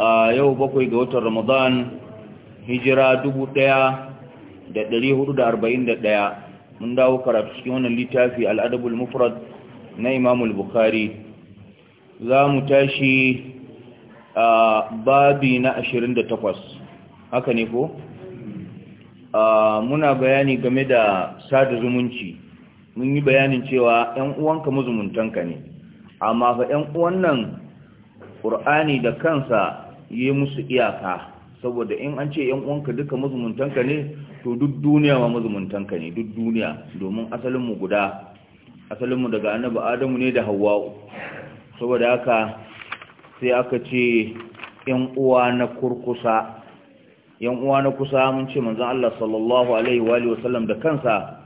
a yau bakwai ga watan ramadan hijira dubu ɗaya da ɗari hudu da arba'in da ɗaya mun dawo karatu cikin wannan littafi al'adabul mufrad na imamul bukhari za mu tashi a babi na ashirin da takwas haka ne ko muna bayani game da sada zumunci mun yi bayanin cewa 'yan uwanka mazumuntanka ne amma fa 'yan uwan nan ƙur'ani da kansa yi musu iyaka saboda in an ce yan uwanka duka mazumuntanka ne to duk duniya ma mazumuntanka ne duk duniya domin asalinmu guda asalinmu daga annabi adamu ne da hawa'u saboda haka sai aka ce yan uwa na kurkusa yan uwa na kusa mun ce manzon Allah sallallahu alaihi wa alihi da kansa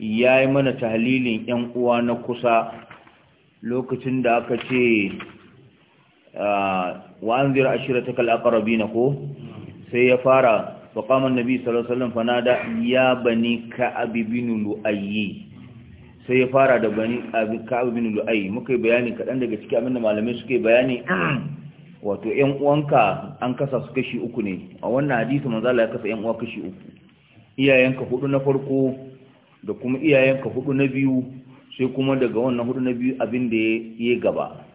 yayi mana tahlilin yan uwa na kusa lokacin da aka ce wa anzir ashiratakal aqrabina ko sai ya fara fa qama annabi sallallahu alaihi wasallam fanada ya bani ka'ab bin lu'ayyi sai ya fara da bani ka'ab bin lu'ayyi muka bayani kadan daga cikin abin da malamai suke bayani wato 'yan uwanka an kasa su kashi uku ne a wannan hadisi manzo Allah ya kasa 'yan uwa kashi uku iyayenka hudu na farko da kuma iyayenka hudu na biyu sai kuma daga wannan hudu na biyu abin da ya gaba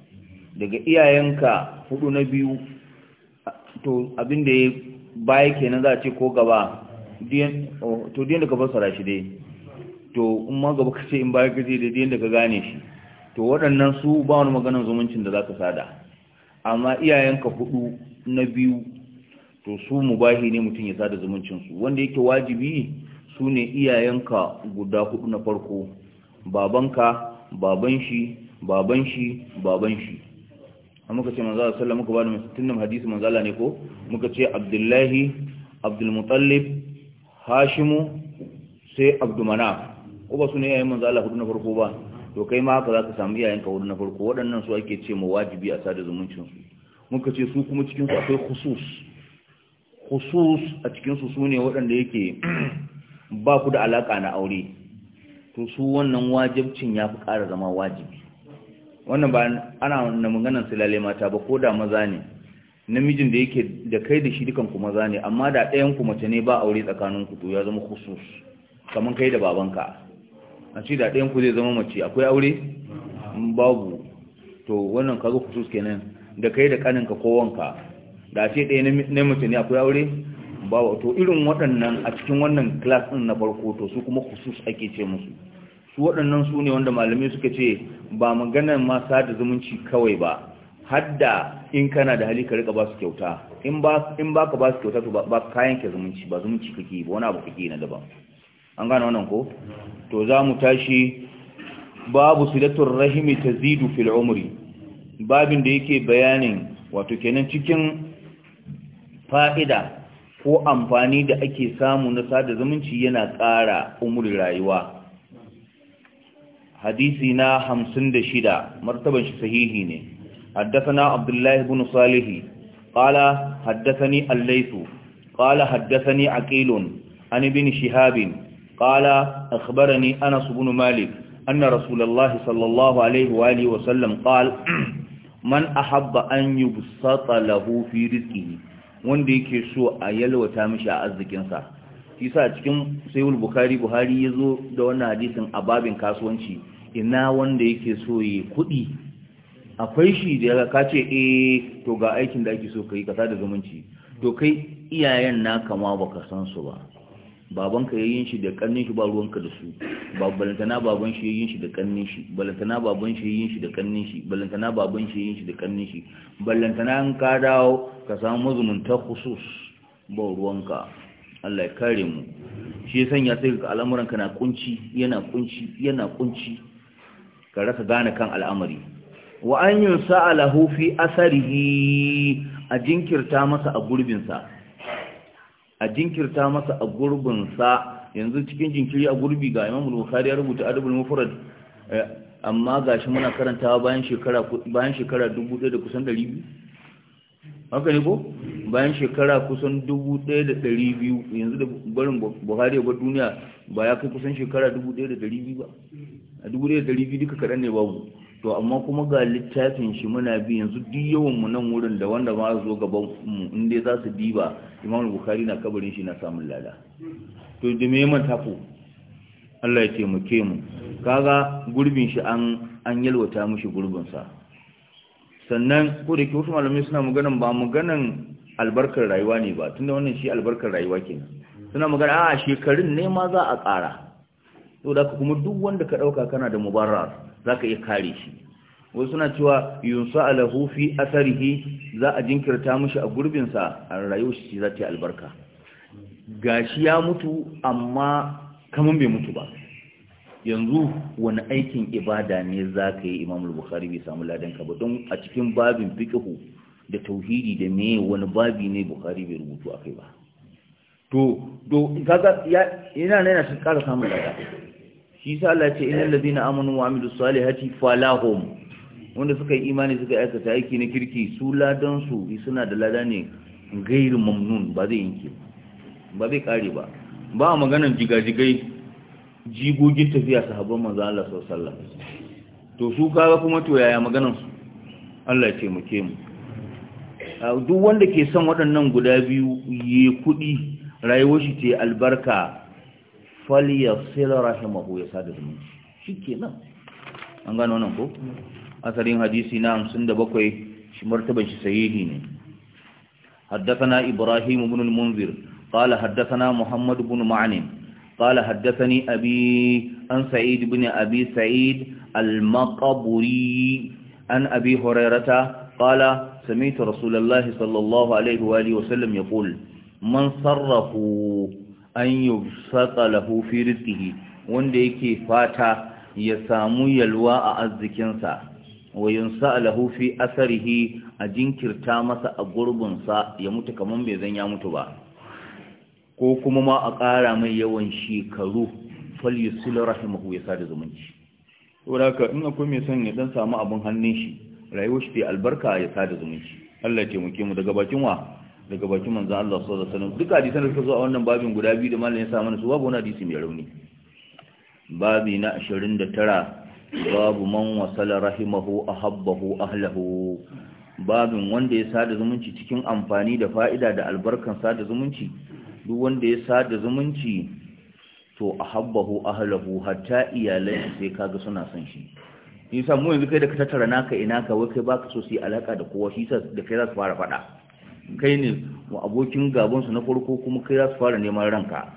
daga iyayenka hudu na biyu to abin da ya baya kenan za a ce ko gaba oh, to diyan da ka fassara shi dai to in ma gaba ka ce in baya ka da diyan da ka gane shi to waɗannan su ba wani maganar zumuncin da za ka sada amma iyayenka hudu na biyu to su mu bahi ne mutum ya sada zumuncinsu wanda yake wajibi su ne iyayenka guda hudu na farko babanka baban shi baban shi baban shi muka ce manzo Allah sallallahu muka ba da hadisi manzo ne ko muka ce Abdullahi Abdul Muttalib Hashimu sai abdumana ko ba su ne yayin manzo hudu na farko ba to kai ma haka ka samu yayin ka hudu na farko waɗannan su ake ce mu wajibi a sada zumuncin muka ce su kuma cikin akwai khusus khusus a cikin su sune waɗanda yake ba ku da alaka na aure to su wannan wajibcin ya fi ƙara zama wajibi wannan ba ana na maganar silale mata ba ko da maza ne namijin da yake da kai da shi dukan ku maza ne amma da ɗayan ku mace ne ba aure tsakanin ku to ya zama khusus kaman kai da babanka a ce da ɗayan ku zai zama mace akwai aure babu to wannan kaga khusus kenan da kai da kaninka ko wanka da ce ɗaya na mace ne akwai aure babu to irin waɗannan a cikin wannan class din na farko to su kuma khusus ake ce musu su waɗannan su ne wanda malamai suka ce ba maganar ma sada zumunci kawai ba hadda in kana da hali ka rika ba su kyauta in ba ka ba su kyauta to ba kayan ke zumunci ba zumunci kake ba wani abu kake na daban an gane wannan ko to za mu tashi babu silatul rahimi tazidu fil umri babin da yake bayanin wato kenan cikin fa'ida ko amfani da ake samu na sada zumunci yana ƙara umurin rayuwa hadisi na hamsin da shida martaban shi sahihi ne haddasana abdullahi bin salihi qala haddathani al-laythu qala haddathani aqilun an ibn shihab qala akhbarani anas bin malik anna rasulullah sallallahu alaihi wa sallam qala man ahabba an yubsata lahu fi rizqihi wanda yake so a yalwata mishi a arzikinsa kisa cikin sayyid buhari ya zo da wannan hadisin a babin kasuwanci ina wanda yake so yi kuɗi akwai shi da ya ka ce eh to ga aikin da ake so ka yi ka da zumunci to kai iyayen na kama ba ka san su ba babanka ya yin shi da kannin shi ba ruwanka da su balantana baban shi ya yin shi da kannin shi balantana baban shi ya yin shi da kannin shi balantana baban shi ya yin shi da kannin shi balantana an ka dawo ka samu mazumunta khusus ba ruwanka Allah ya kare mu shi ya sanya sai ka al'amuranka na kunci yana kunci yana kunci ka rasa gane kan al'amari wa an yunsa alahu fi asarihi a jinkirta masa a gurbinsa a jinkirta masa a gurbinsa yanzu cikin jinkiri a gurbi ga imam bukhari ya rubuta adabul mufrad eh, amma gashi muna karantawa bayan shekara dubu daya da kusan biyu haka ne ko bayan shekara kusan biyu yanzu da barin buhari ba duniya ba ya kai kusan shekara dubu da biyu ba a dubu da ɗari biyu duka kaɗan ne babu to amma kuma ga littafin shi muna bi yanzu duk yawan mu nan wurin da wanda ma zo gaban mu in dai za su diba imam bukhari na kabarin shi na samun lada to da me man tafo Allah ya taimake mu kaga gurbin shi an an yalwata mishi gurbin sa sannan ko da ke wasu malamai suna maganan ba maganan albarkar rayuwa ne ba tunda wannan shi albarkar rayuwa kenan suna magana a shekarun ne ma za a ƙara so da kuma duk wanda ka ɗauka kana da mubarrar za ka iya kare shi wasu suna cewa yunsa alahu fi asarihi za a jinkirta mishi a gurbin sa a rayu shi za ta yi albarka gashi ya mutu amma kaman bai mutu ba yanzu wani aikin ibada ne za ka yi imamul bukhari bai samu ladanka ba don a cikin babin fiƙihu da tauhidi da me wani babi ne bukhari bai rubutu akai ba to do kaga yana na shi samun lada shi sa Allah ce inna allazina amanu wa amilus salihati falahum wanda suka yi imani suka aikata aiki na kirki su ladan su suna da lada ne gairu mamnun ba zai yanke ba zai kare ba ba maganan jigajigai jigogin tafiya sahabban manzo Allah sallallahu alaihi to su kaga kuma to yaya maganan su Allah ya taimake mu duk wanda ke son waɗannan guda biyu yi kuɗi rayuwar shi ce albarka faliya sila rahimahu ya sada zumunci shi ke nan an gano nan ko asalin hadisi na hamsin da bakwai shi martaban shi sahihi ne haddasana ibrahim ibn munzir qala haddasana muhammad ibn ma'anin qala haddasani abi an sa'id ibn abi sa'id al-maqburi an abi hurairata qala sami'tu rasulullahi sallallahu alaihi wa alihi wa sallam yaqul man sarrafu an yi lahu fi rizqihi wanda yake fata ya samu yalwa a arzikinsa wa yunsa lahu fi asarihi a jinkirta masa a gurbinsa ya mutu kaman bai zan ya mutu ba ko kuma ma a ƙara mai yawan shekaru fal yusil rahimahu ya sada zumunci saboda haka in akwai mai son ya dan samu abin hannun shi rayuwar shi albarka ya sada zumunci Allah ya taimake mu daga bakin wa daga bakin manzan Allah sallallahu alaihi wasallam duk hadisan da suka zo a wannan babin guda biyu da malamin ya sa mana su babu wani hadisi mai rauni babi na 29 babu man wasala rahimahu ahabbahu ahlahu babin wanda ya sada zumunci cikin amfani da fa'ida da albarkan sada zumunci duk wanda ya sada zumunci to ahabbahu ahlahu hatta iyalai sai kaga suna son shi yasa mu yanzu kai da ka tattara naka ina ka wai kai baka so su yi alaka da kowa shi da kai za su fara fada kai ne wa abokin gabansu na farko kuma kai za su fara neman ranka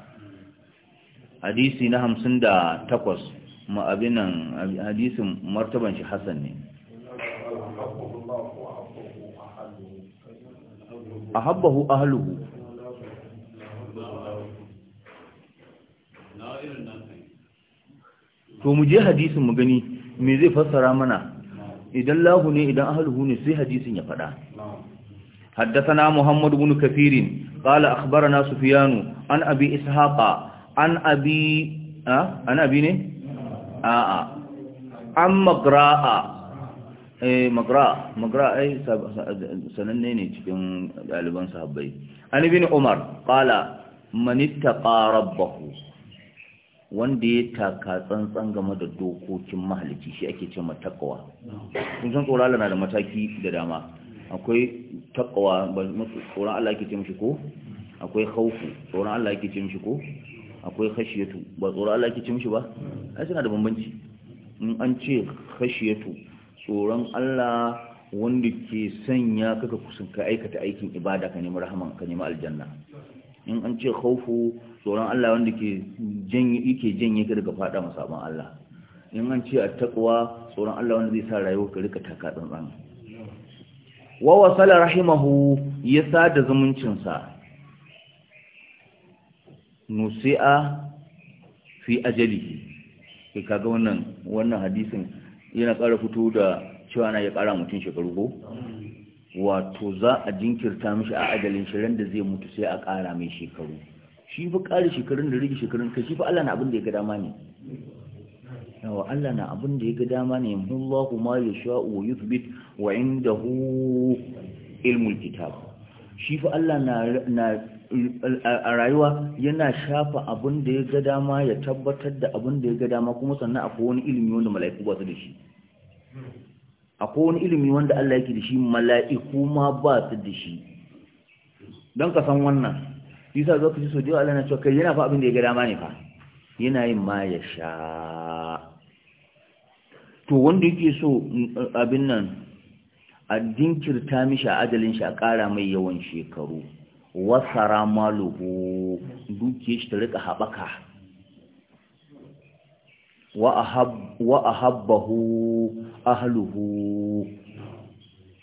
hadisi na hamsin da takwas ma'abinan hadisin martaban shi hassan ne a habbahu ahaluhu to mu je hadisin mu gani me zai fassara mana idan lahu ne idan ahaluhu ne sai hadisin ya faɗa حدثنا محمد بن كثير قال أخبرنا سفيان عن أبي إسحاق عن أبي أه؟ عن أبي نه آآ آه. عن مقراء eh sananne ne cikin daliban sahabbai an ibn umar qala man ittaqa rabbahu wanda ya taka tsantsan game da dokokin mahalici shi ake cewa taqwa kun san tsorala na da mataki da dama akwai taqwa ba tsoron Allah yake ce mishi ko akwai khawfu tsoron Allah yake ce mishi ko akwai khashiyatu ba tsoron Allah yake ce mishi ba ai suna da bambanci in an ce khashiyatu tsoron Allah wanda ke sanya kaka kusanka aikata aikin ibada ka nemi rahama ka nemi aljanna in an ce khawfu tsoron Allah wanda ke janye yake janye ka daga fada masaban Allah in an ce at-taqwa tsoron Allah wanda zai sa rayuwa ka rika taka tsantsan wa wasala rahimahu ya sada zumuncinsa nusi'a fi ajali kai kaga wannan wannan hadisin yana ƙara fito da cewa na ya ƙara mutum shekaru ko wato za a jinkirta mishi a ajalin shirin da zai mutu sai a ƙara mai shekaru shi fi ƙari shekarun da rigi shekarun ka shi fa Allah na abin da ya ga dama ne yawa Allah na abin da ya ga dama ne yamhullahu ma yasha'u wa yuthbit wa indahu ilmul kitab shi fa Allah na na a rayuwa yana shafa abin da ya ga dama ya tabbatar da abin da ya ga dama kuma sannan akwai wani ilimi wanda mala'iku ba su da shi akwai wani ilimi wanda Allah yake da shi mala'iku ma ba su da shi don ka san wannan yasa za ka ji so da yawa Allah na cewa kai yana fa abin da ya ga dama ne fa yana yin ma ya sha to wanda yake so mm, abin nan a dinkirta mishi adalin shi a ƙara mai yawan shekaru wasara maluhu duke shi ta rika haɓaka wa a habbahu ahaluhu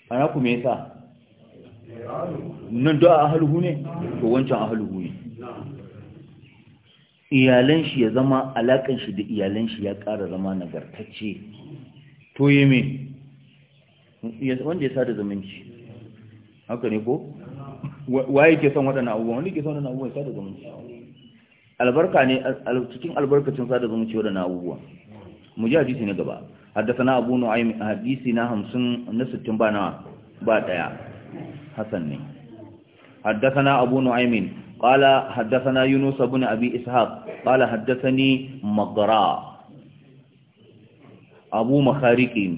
ana kuma yasa nan da ahaluhu ne to wancan ahaluhu iyalan shi ya zama alakan shi da iyalan shi ya ƙara zama nagartacce to yi me wanda ya sada zumunci haka ne ko waye ke son waɗannan abubuwa? wanda ke son waɗannan ya sada zumunci albarka ne cikin albarkacin sada zumunci waɗannan abubuwa. mu ji hadisi na gaba haddasa na na na abu hamsin sittin ba na ba ɗaya? Hassan ne. Haddasa na abu na نعيم قال حدثنا يونس بن أبي إسحاق قال حدثني مقرا أبو مخارق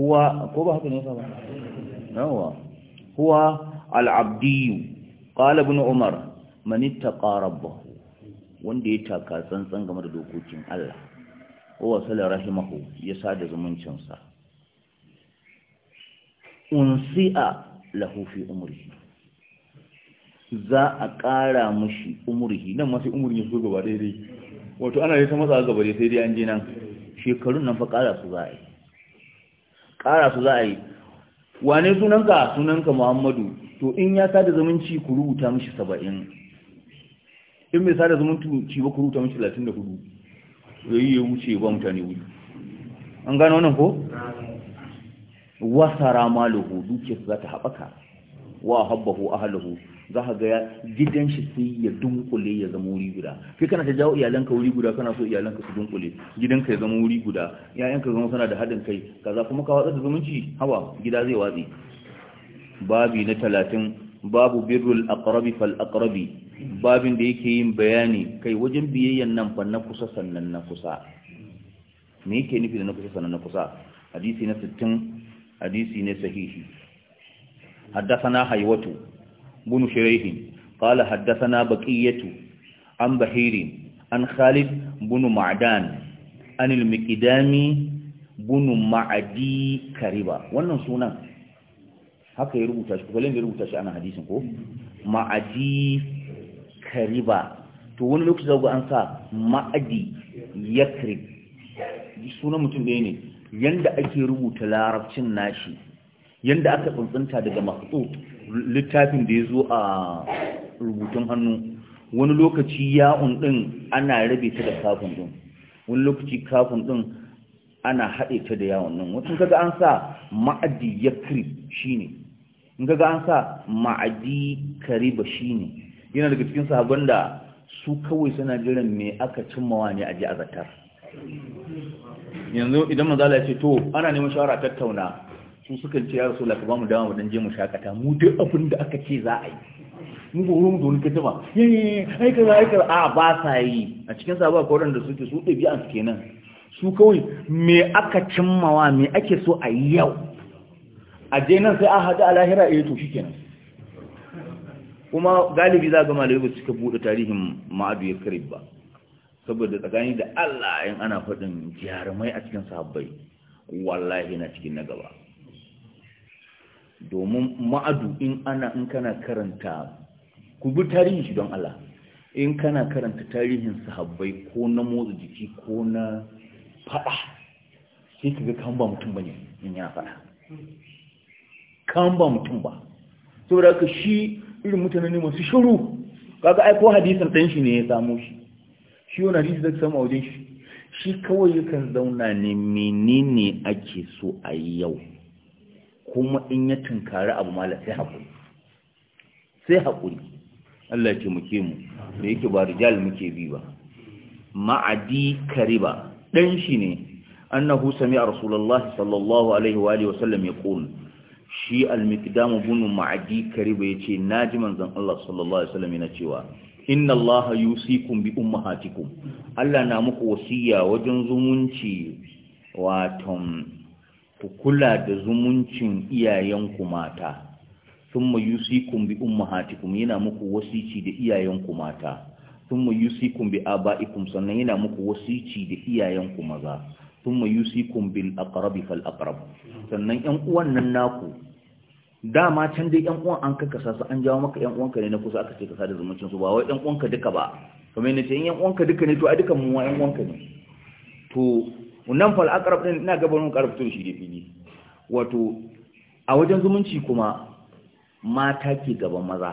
هو هو هو العبدي قال ابن عمر من اتقى ربه wanda ya taka tsantsan game da dokokin Allah wa sallar rahimahu ya sada zumuncinsa unsi'a lahu fi umrihi za a ƙara mashi umurhi nan masu umurhi su gaba daidai wato ana yi ta matsa gaba dai sai dai an je nan shekarun nan fa ƙara su za a yi ƙara su za a yi wane sunanka sunanka muhammadu to in ya sada zumunci ku rubuta mashi saba'in in bai sada zumunci ba ku rubuta mashi talatin da hudu yi ya wuce ba mutane wuce an gano wannan ko wasara maluhu dukiyar za ta haɓaka wa habbahu ahluhu za ka ga gidan shi sai ya dunkule ya zama wuri guda kai kana ta jawo iyalanka wuri guda kana so iyalanka su dunkule gidanka ya zama wuri guda yayanka zama suna da haɗin kai kaza kuma ka watsar da zumunci hawa gida zai watsi babi na talatin babu birrul aqrabi fal aqrabi babin da yake yin bayani kai wajen biyayyan nan fa na kusa sannan na kusa me yake nufi da na kusa sannan na kusa hadisi na 60 hadisi ne sahihi حدثنا حيوته بن شريح قال حدثنا بقية عن بحير عن خالد بن معدان عن المكدامي بن معدي كريبا wannan sunan haka ya rubuta shi kullun da rubuta shi ana hadisin ko ma'adi kariba to wani lokaci zago an sa ma'adi yakrib sunan mutum ɗaya ne yanda ake rubuta larabcin nashi yanda aka tsuntsunta daga makhut littafin da ya zo a rubutun hannu wani lokaci ya'un ɗin ana rabe ta da kafin ɗin wani lokaci kafin ɗin ana haɗe ta da yawon nan wasu kaga an sa ma'adi ya karib shi ne in kaga an sa ma'adi kariba shi ne yana daga cikin sahabban da su kawai suna jiran mai aka cimmawa ne a ji a zatar yanzu idan mazala ya ce to ana neman shawara tattauna su sukan ce ya rasu laka ba mu dama mu dan je mu shakata mu duk abin da aka ce za a yi mu goro mu doni kace ba yayi aika za a ba sa yi a cikin sabo akwai da suke su ɗabi'an suke nan. su kawai me aka cimmawa me ake so a yi yau a je nan sai a haɗu a lahira shi eh, to kenan kuma galibi za ga malai ba suka buɗe tarihin ma'adu ya karib ba saboda tsakani da Allah yin ana faɗin jarumai a cikin sabbai wallahi na cikin na gaba domin ma'adu in ana in kana karanta ku bi tarihin shi don Allah in kana karanta tarihin sahabbai ko na motsa jiki ko na fada sai ka ga kan ba mutum bane in yana fada kan ba mutum ba saboda haka shi irin mutane ne masu shiru kaga aiko hadisan hadisin shi ne ya samu shi shi wani hadisi da samu a wajen shi shi kawai yakan zauna ne menene ake so a yau kuma in ya tunkari abu mala sai haƙuri sai haƙuri Allah ce muke mu da yake ba rijal muke bi ba ma'adi kariba dan shi ne annahu a rasulullahi sallallahu alaihi wa sallam ya sallam shi al-miqdam ibn ma'adi kariba na ji manzan Allah sallallahu alaihi wa sallam yana cewa inna Allah yusikum bi umma ummahatikum Allah na muku wasiya wajen zumunci waton ku kula da zumuncin iyayenku mata sun ma thumma kun bi ummahatikum yana muku wasici da iyayenku mata sun ma thumma kun bi abaikum sannan yana muku wasici da iyayenku maza sun thumma yusikum bil aqrabi fal aqrab sannan yan uwan nan naku dama can dai yan uwan an kakasa su an jawo maka yan uwanka ne na kusa aka ce ka sada zumuncin su ba wai yan uwanka duka ba kamar yana ce yan uwanka duka ne to a dukan mu yan uwanka ne to wannan fal aqrab din ina gaban qarab to shi da fili wato a wajen zumunci kuma mata ke gaban maza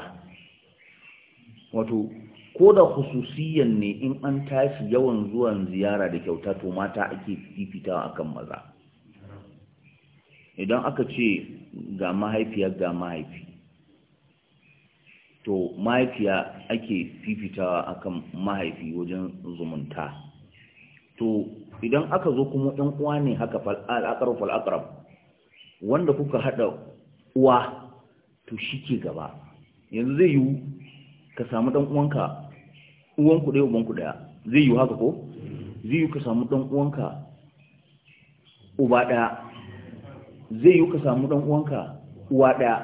wato ko da hususiyan ne in an tashi yawan zuwan ziyara da kyauta to mata ake fifitawa akan maza idan aka ce ga mahaifiya ga mahaifi to mahaifiya ake fifitawa akan mahaifi wajen zumunta to idan aka zo kuma ɗan uwa ne haka fal'aƙar fal'aƙar wanda kuka haɗa uwa to shi ke gaba yanzu zai yiwu ka samu ɗan uwanka uwanku ɗaya ku ɗaya zai yiwu haka ko zai yiwu ka samu ɗan uwanka uba ɗaya zai yiwu ka samu ɗan uwanka uwa ɗaya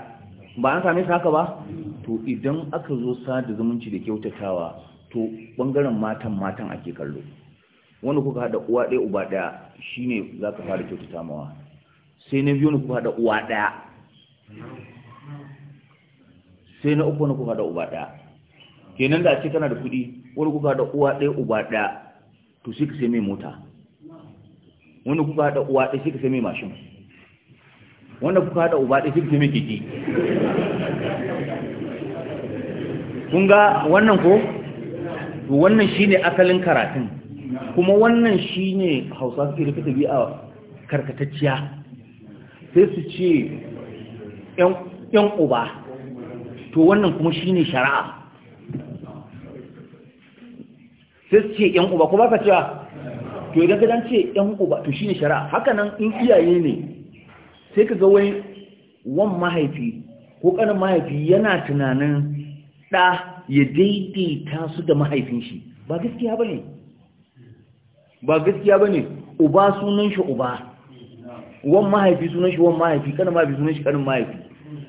ba an same saka haka ba to idan aka zo sada zumunci da kyautatawa to ɓangaren matan matan ake kallo wanda kuka haɗa uwa ɗaya uba ɗaya shine za ka fara kyautata mawa sai na biyu na kuka haɗa uwa ɗaya sai na uku na kuka haɗa uba ɗaya kenan da a ce kana da kuɗi wani kuka haɗa uwa ɗaya uba ɗaya to sai ka sai mai mota wani kuka haɗa uwa ɗaya sai ka sai mai mashin wanda kuka haɗa uba ɗaya sai ka sai mai keke kun ga wannan ko to wannan shine asalin karatun kuma wannan shine hausa suke da a karkatacciya sai su ce yan uba to wannan kuma shine shari'a sai su ce yan uba ko ba ka cewa to idan ka ce yan uba to shine shari'a haka nan in iyaye ne sai ka ga wan mahaifi ko kanin mahaifi yana tunanin ɗa ya daidaita su da mahaifin shi ba gaskiya ba ne ba gaskiya bane uba sunan shi uba wan mahaifi sunan shi wan mahaifi kana mahaifi sunan shi kanin mahaifi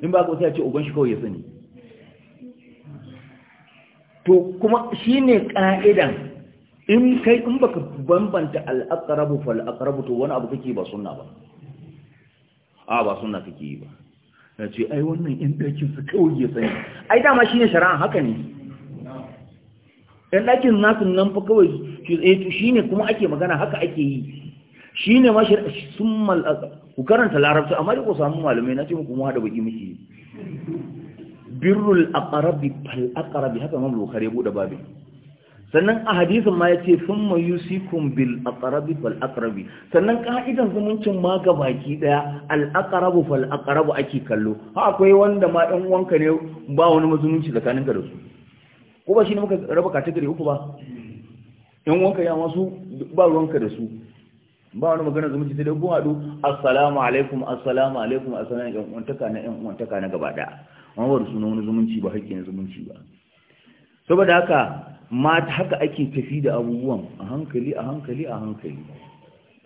in ba ka sai ce uban shi kawai ya sani to kuma shine ka'idan in kai in baka bambanta al-aqrabu fal aqrabu to wani abu kake ba sunna ba a ba sunna kake ba ce, ai wannan in dakin su kawai ya sani ai dama shine shari'a haka ne Ɗan ɗakin nasu nan fa kawai eh, shi ne kuma ake magana haka ake yi shi ne ma sun mal'aka ku karanta larabta amma da ku samu malamai na ce muku kuma da baki muke birrul aqrabi fal aqrabi haka ma bukhari da babin sannan a hadisin ma yace thumma yusikum bil aqrabi fal aqrabi sannan ka'idan zumuncin ma ga baki daya al aqrabu fal aqrabu ake kallo ha akwai wanda ma dan uwanka ne ba wani tsakanin tsakaninka da su ko ba shi ne muka raba kategori uku ba in wanka ya masu ba ruwanka da su ba wani magana zumunci sai dai kun haɗu assalamu alaikum assalamu alaikum assalamu alaikum uwantaka na yan uwantaka na gaba ɗaya wani ba suna wani zumunci ba haƙƙin zumunci ba saboda haka mata haka ake tafi da abubuwan a hankali a hankali a hankali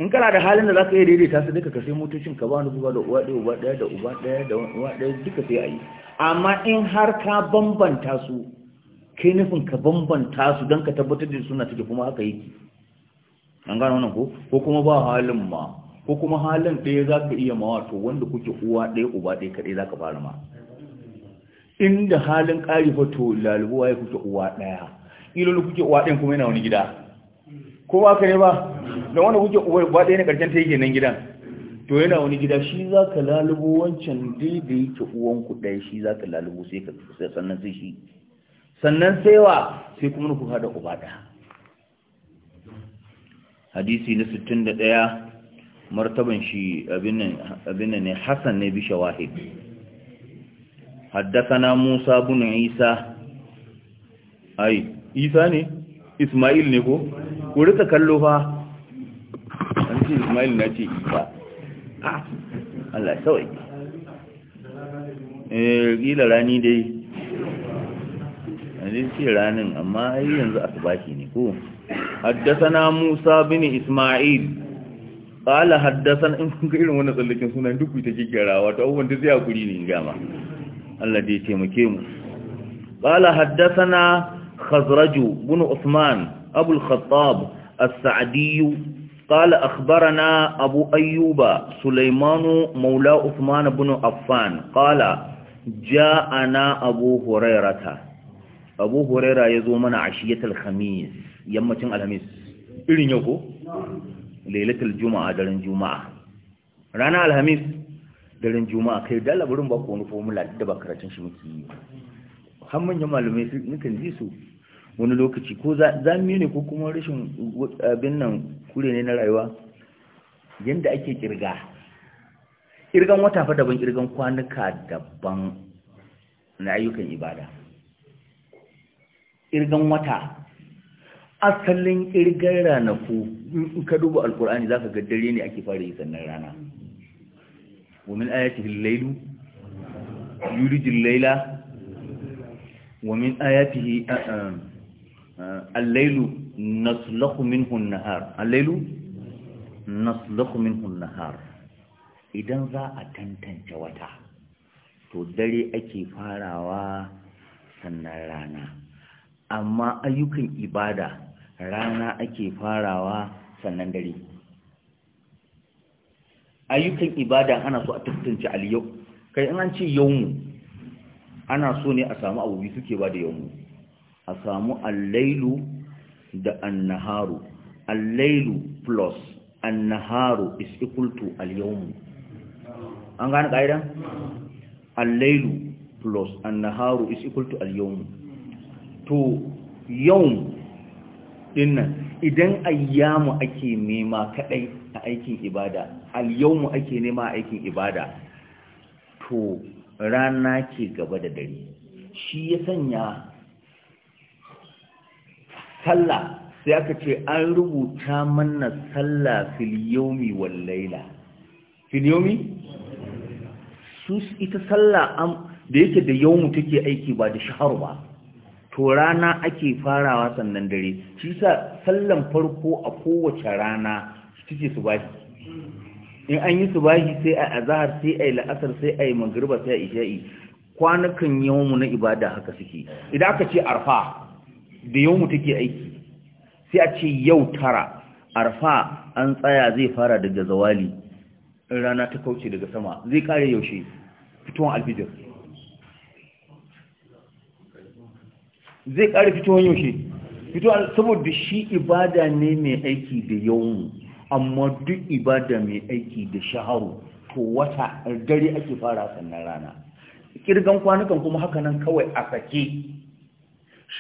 in kana da halin da za ka yi daidaita su duka ka sai motocin ka ba wani buga da uwa ɗaya uba ɗaya da uba ɗaya da uwa ɗaya duka sai a yi amma in har ka bambanta su kai nufin ka bambanta su don ka tabbatar da suna take kuma aka yi. an gano wannan ko ko kuma ba halin ma ko kuma halin ɗaya za ka iya mawa to wanda kuke uwa ɗaya uba ɗaya kaɗai za ka fara ma inda halin ƙari fa to lalubuwa ya kuke uwa ɗaya ilolu kuke uwa ɗaya kuma yana wani gida ko ba ka ne ba da wanda kuke uwa ɗaya na ƙarshen ta yake nan gidan to yana wani gida shi za ka lalubo wancan daidai ke uwanku ɗaya shi za ka lalubo sai ka sannan sai shi sannan saiwa sai kuma ku hada uba ɗaya hadisi na 61 martaban shi abin ne hasan ne bi shawahid haddathana musa bin isa ai isa ne ismail ne ko ku rika kallo fa an ce ismail na ce isa ah, Allah sau'i eh gila rani dai yanzu ce ranin amma yi yanzu asbahi ne ko haddathana Musa bin Isma'il Ƙala haddathana in kun ga irin wannan tsallakin sunan duk ta ke gyarawa abubuwan da zai hakuri ne gama Allah da ya taimake mu qala haddathana خزرج بن عثمان أبو الخطاب السعدي قال أخبرنا abu ayyuba sulaimanu maula عثمان بن affan قال jaana أبو هريرة abu huraira ya zo mana ashiyatul khamis yammacin alhamis irin yau ko lailatul juma'a daren juma'a rana alhamis daren juma'a kai da labarin ba ku wani formula da ba karatun shi muke yi har manyan malamai nukan ji su wani lokaci ko zami ne ko kuma rashin abin nan kure ne na rayuwa yanda ake kirga kirgan wata fa daban kirgan kwanuka daban na ayyukan ibada irgan wata asalin irgan ranaku in ka duba alkur'ani za ka ga dare ne ake fara yi sannan rana ومن آياته wa min الليل al آياته naslakhu minhu an-nahar al النهار naslakhu minhu an-nahar idan za a tantance wata to dare ake farawa sannan rana amma ayyukan ibada rana ake farawa sannan dare ayyukan ibada ana so a tattance aliyau kai in an ce yawmu ana so ne a samu abu suke ba da yawmu a samu allailu da annaharu allailu plus annaharu is equal to alyawmu an gane ƙa'idan allailu plus annaharu is equal to alyawmu to yau dinnan idan ayyamu ake nema kadai a aikin ibada al-yawmu ake nema a aikin ibada to rana ke gaba da dare shi ya sanya salla sai aka ce an rubuta manna salla fil yawmi wal laila fil ita sallah da yake da yawmu take aiki ba da shahar ba to rana ake farawa sannan dare shi sa sallan farko a kowace rana su subahi in an yi su subahi sai a azahar, sai a la'asar sai a magriba sai a isha'i kwanukan yawmu na ibada haka suke idan aka ce arfa da yawmu take aiki sai a ce yau tara arfa an tsaya zai fara daga zawali rana ta kauce daga sama zai kare yaushe fitowar alfijir zai ƙara wani yaushe fitowar saboda shi ibada ne mai aiki da yawon amma duk ibada mai aiki da shaharu to wata dare ake fara sannan rana Ƙirgan kwanukan kuma haka nan kawai a sake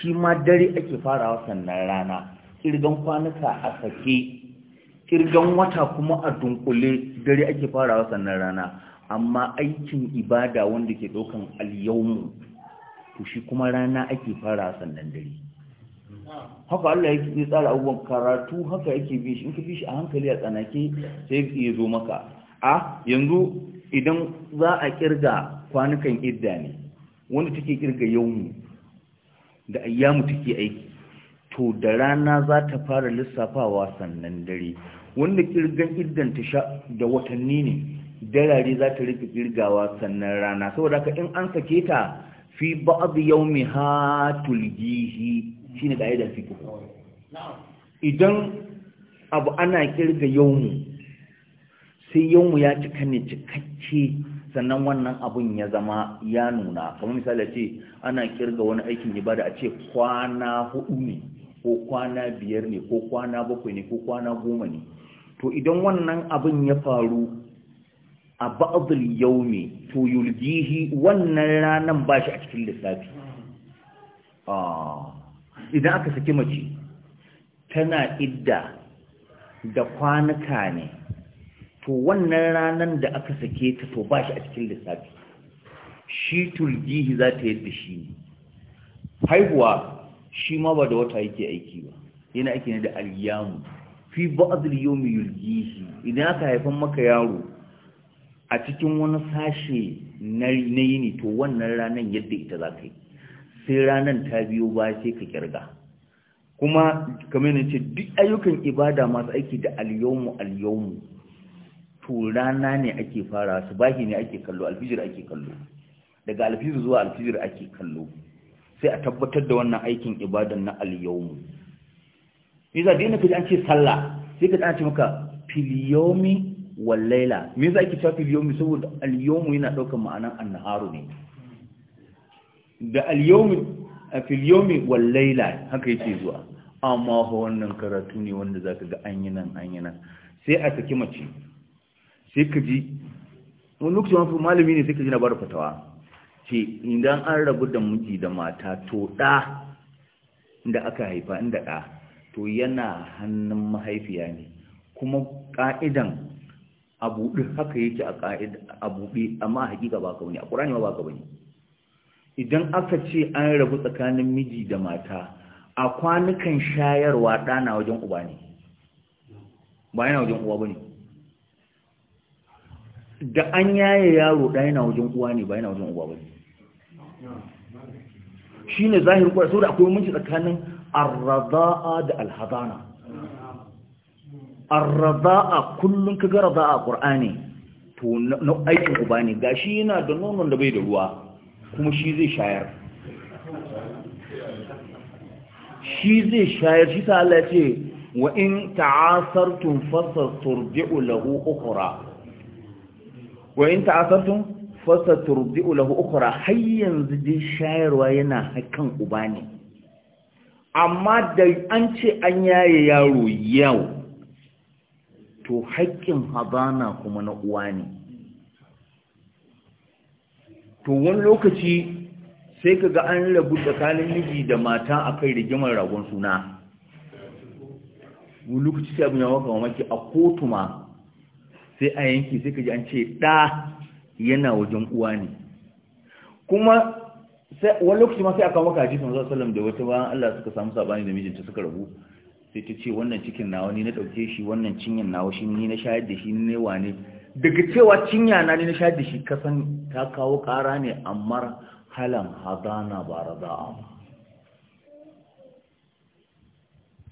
shi ma dare ake fara sannan rana Ƙirgan kwanuka a sake ƙirgan wata kuma a dunkule dare ake fara sannan rana amma aikin ibada wanda ke ɗaukan alyawun to shi kuma rana ake fara sannan dare haka Allah ya tsara abubuwan karatu haka yake bi shi in ka bi shi a hankali a tsanake sai ya zo maka a yanzu idan za a kirga kwanukan idda ne wanda take kirga yau da ayyamu take aiki to da rana za ta fara lissafawa sannan dare wanda kirgan iddan ta sha da watanni ne darare za ta rike kirgawa sannan rana saboda haka in an sake ta fi ba'd yawmiha tulgihi shine fi kuma idan abu ana kirga yawmu sai yawmu ya cika ne cikakke sannan wannan abun ya zama ya nuna kamar misali ce ana kirga wani aikin ibada a ce kwana hudu ne ko kwana biyar ne ko kwana bakwai ne ko kwana goma ne to idan wannan abun ya faru a ba'adul yaumi to yulgihi wannan ranan ba shi a cikin lissafi ah, idan aka saki mace tana idda da kwanuka ne to wannan ranan da aka sake ta to ba shi a cikin lissafi shi tulgihi za ta yadda shi ne haihuwa shi ma ba da wata yake aiki ba yana aiki ne da alyamu fi ba'adul yaumi yulgihi idan aka haifan maka yaro a cikin wani sashe na yini to wannan ranar yadda ita za ka yi sai ranar ta biyo ba sai ka kirga kuma kamar yana ce duk ayyukan ibada masu aiki da alyawmu alyawmu to rana ne ake fara su bahi ne ake kallo alfijir ake kallo daga alfijir zuwa alfijir ake kallo sai a tabbatar da wannan aikin ibadan na alyawmu za da ka kaji an ce sallah sai ka ce maka filiyomi wallaila me yasa ake cewa al yawmi saboda al yana daukar ma'anan annaharu ne da al yawmi fil yawmi wallaila haka yake zuwa amma ho wannan karatu ne wanda zaka ga an yi nan an yi nan sai a saki mace sai ka ji wani lokacin wani malami ne sai ka ji na bar fatawa ce idan an rabu da miji da mata to da inda aka haifa inda da to yana hannun mahaifiya ne kuma ka'idan a buɗe haka yake a ƙa'id a buɗe amma haƙiƙa ba ka wani a ƙur'ani ba ka wani idan aka ce an rabu tsakanin miji da mata a kwanukan shayarwa ɗana wajen uba ne ba yana wajen uwa ba ne da an yaye yaro ɗa yana wajen uwa ne ba yana wajen uba ba ne shi ne zahir kuwa saboda akwai minci tsakanin arraza'a da alhazana arraza'a kullum ka ga raza'a qur'ani to na aikin uba ne gashi yana da nonon da bai da ruwa kuma shi zai shayar shi zai shayar shi ta Allah ce wa in ta'asartum fasaturdi'u lahu ukhra wa in ta'asartum fasaturdi'u lahu ukhra har yanzu dai shayarwa yana hakan uba ne amma da an ce an yaye yaro yau to haƙƙin habana kuma na uwa ne to wani lokaci sai ka ga an rabu tsakanin miji da mata a da rigimar ragon suna wani lokaci sai abin yawon mamaki a kotu ma sai a yanki sai ka ji an ce ɗa yana wajen uwa ne kuma wani lokaci ma sai aka maka hadisin sallallahu alaihi wasallam da wata bayan Allah suka samu sabani da mijinta suka rabu sai ta ce wannan cikin nawa ne na ɗauke shi wannan cinyan nawa shi ne na shayar da shi ne wane daga cewa cinya na ne na shayar da shi kasan ta kawo ƙara ne amma halan hadana ba raza'a ba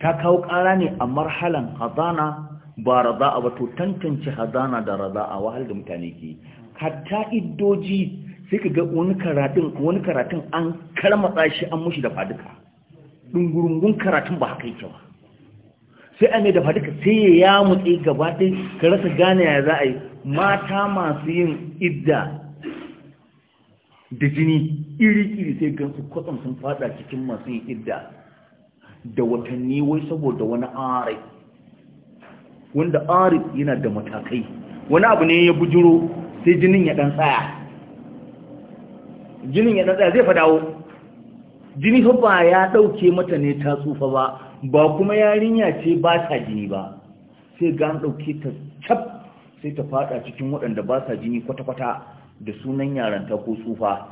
ta kawo ƙara ne amma halan hadana ba raza'a ba to tantance hadana da raza'a wahal da mutane ke hatta iddoji sai ka ga wani karatun wani karatun an kalmatsa shi an mushi da faduka dungurungun karatun ba haka yake ba sai a da dafa sai ya yamutse gaba ɗin ka rasa gane ya za a yi mata masu yin idda da jini iri-iri sai gansu kwatsam sun fada cikin masu yin idda da watanni wai saboda wani arif wanda arif yana da matakai wani abu ne ya bujuro sai jinin ya ɗan tsaya jinin ya ɗan tsaya zai fadawo jini fa ba ya ɗauke mata ne ta tsufa ba ba kuma yarinya ce ba ta jini ba sai ga an ɗauke ta cap sai ta fada cikin waɗanda ba sa jini kwata-kwata da sunan yaranta ko tsufa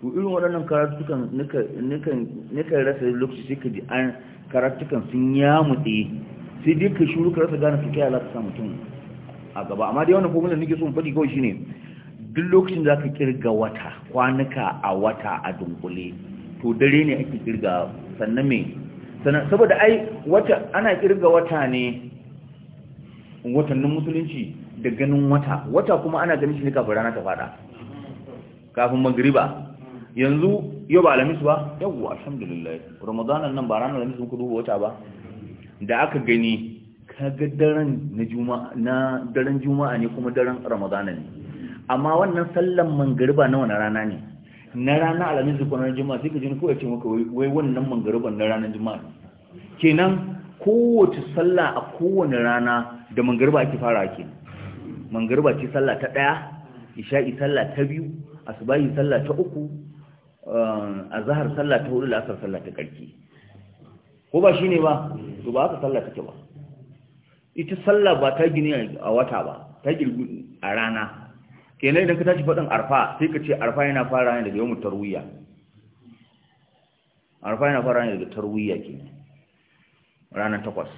to irin waɗannan karatukan nika rasa lokaci sai ka ji an karatukan sun mutse sai dai ka shuru ka rasa gane su kai ta sa mutum a gaba amma dai wannan formula nike so in faɗi kawai shine duk lokacin da aka kirga wata kwanuka a wata a dunkule to dare ne ake kirga sannan me sannan saboda ai wata ana kirga wata ne watannin musulunci da ganin wata wata kuma ana ganin shi ne kafin rana ta fada kafin magriba yanzu yau ba alamis ba yau alhamdulillah ramadanan nan ba ranar alamis muka duba wata ba da aka gani kaga daren na juma'a na daren juma'a ne kuma daren ramadana ne amma wannan sallan magriba na wani rana ne na ranar alamin su kwanar juma'a sai ka ji kawai ce maka wai wannan mangaruban na ranar juma'a kenan kowace sallah a kowane rana da mangariba ake fara ake mangariba ce sallah ta ɗaya isha'i sallah ta biyu asubahi sallah ta uku eh, zahar sallah ta hudu la'asar sallah ta karki ko ba shi ne ba to ba aka sallah take ba ita sallah ba ta gini a wata ba ta gini a rana kenan idan ka tashi faɗin arfa sai ka ce arfa yana fara ne daga yawon tarwiyya arfa yana fara ne daga tarwiyya ke ranar takwas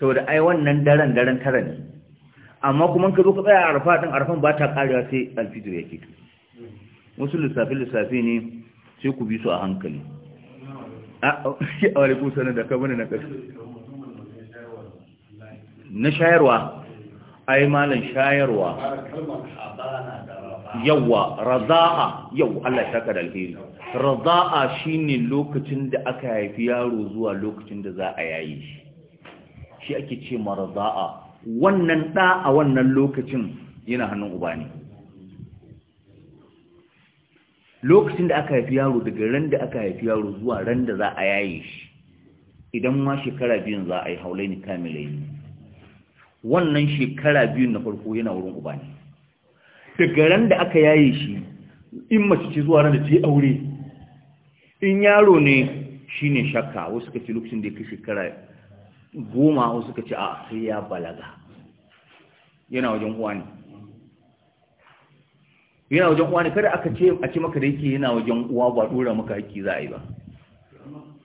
saboda ai wannan daren daren tara ne amma kuma ka zo ka tsaya arfa ɗin arfan ba ta ƙarewa sai alfijir ya ke wasu lissafi lissafi ne sai ku bi su a hankali a da ka bane na ƙasa na shayarwa ai malam shayarwa yawa raza'a yau Allah ya da alheri raza'a shine lokacin da aka haifi yaro zuwa lokacin da za a yayi shi shi ake ce ma raza'a wannan da a wannan lokacin yana hannun uba ne lokacin da aka haifi yaro daga ran da aka haifi yaro zuwa ran da za a yayi shi idan ma shekara biyun za a yi haulaini kamilai wannan shekara biyun na farko yana wurin uba ne daga ran da aka yaye shi in mace ce zuwa ran da ta yi aure in yaro ne shi ne shakka wasu ka ce lokacin da ya kai shekara goma wasu ka ce a sai ya balaga yana wajen uwa ne yana wajen uwa ne kada aka ce a ce maka da yake yana wajen uwa ba dora maka haƙƙi za a yi ba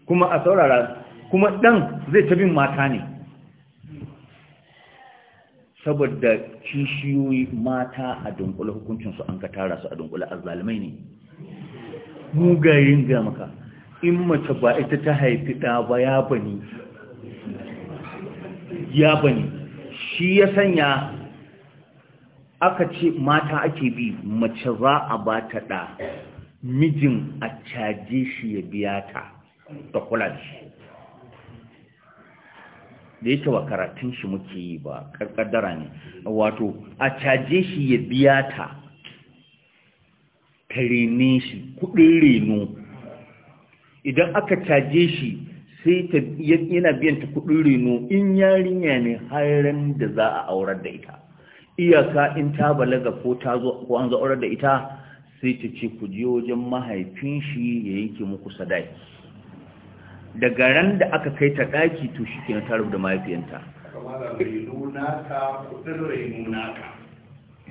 kuma a saurara kuma ɗan zai ta bin mata ne saboda kishiyoyi mata a dunkule hukuncinsu an ka tara su a dunkule azzalumai ne mugayen ga maka in mace ba ita ta haifi ɗa ba ya bani ya bani shi ya sanya aka ce mata ake bi mace za a ba ta ɗa mijin a caje shi ya biya ta da kula shi da yake wa karatun shi muke yi ba ƙadara ne wato a caje shi ya biya ta ta rene shi kuɗin reno idan aka caje shi sai ta yana biyan ta kuɗin reno in yarinya ne har da za a aurar da ita iyaka in ta balaga ko ta zo ko an zo aurar da ita sai ta ce ku je wajen mahaifin shi ya yanke muku sadaki daga ran da aka kai ta ɗaki to shi ke na da mahaifiyanta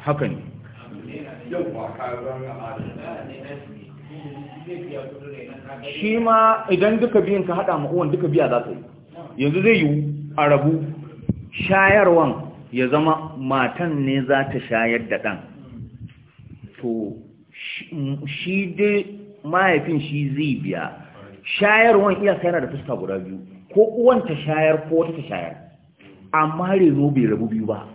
haka ne shi ma idan duka biyan ka haɗa ma'uwan duka biya za ka yi yanzu zai yiwu a shayarwan ya zama matan ne za ta shayar da ɗan to shi dai mahaifin shi zai biya shayarwan iya yana da fuska guda biyu ko uwan ta shayar ko wata ta shayar amma reno bai rabu biyu ba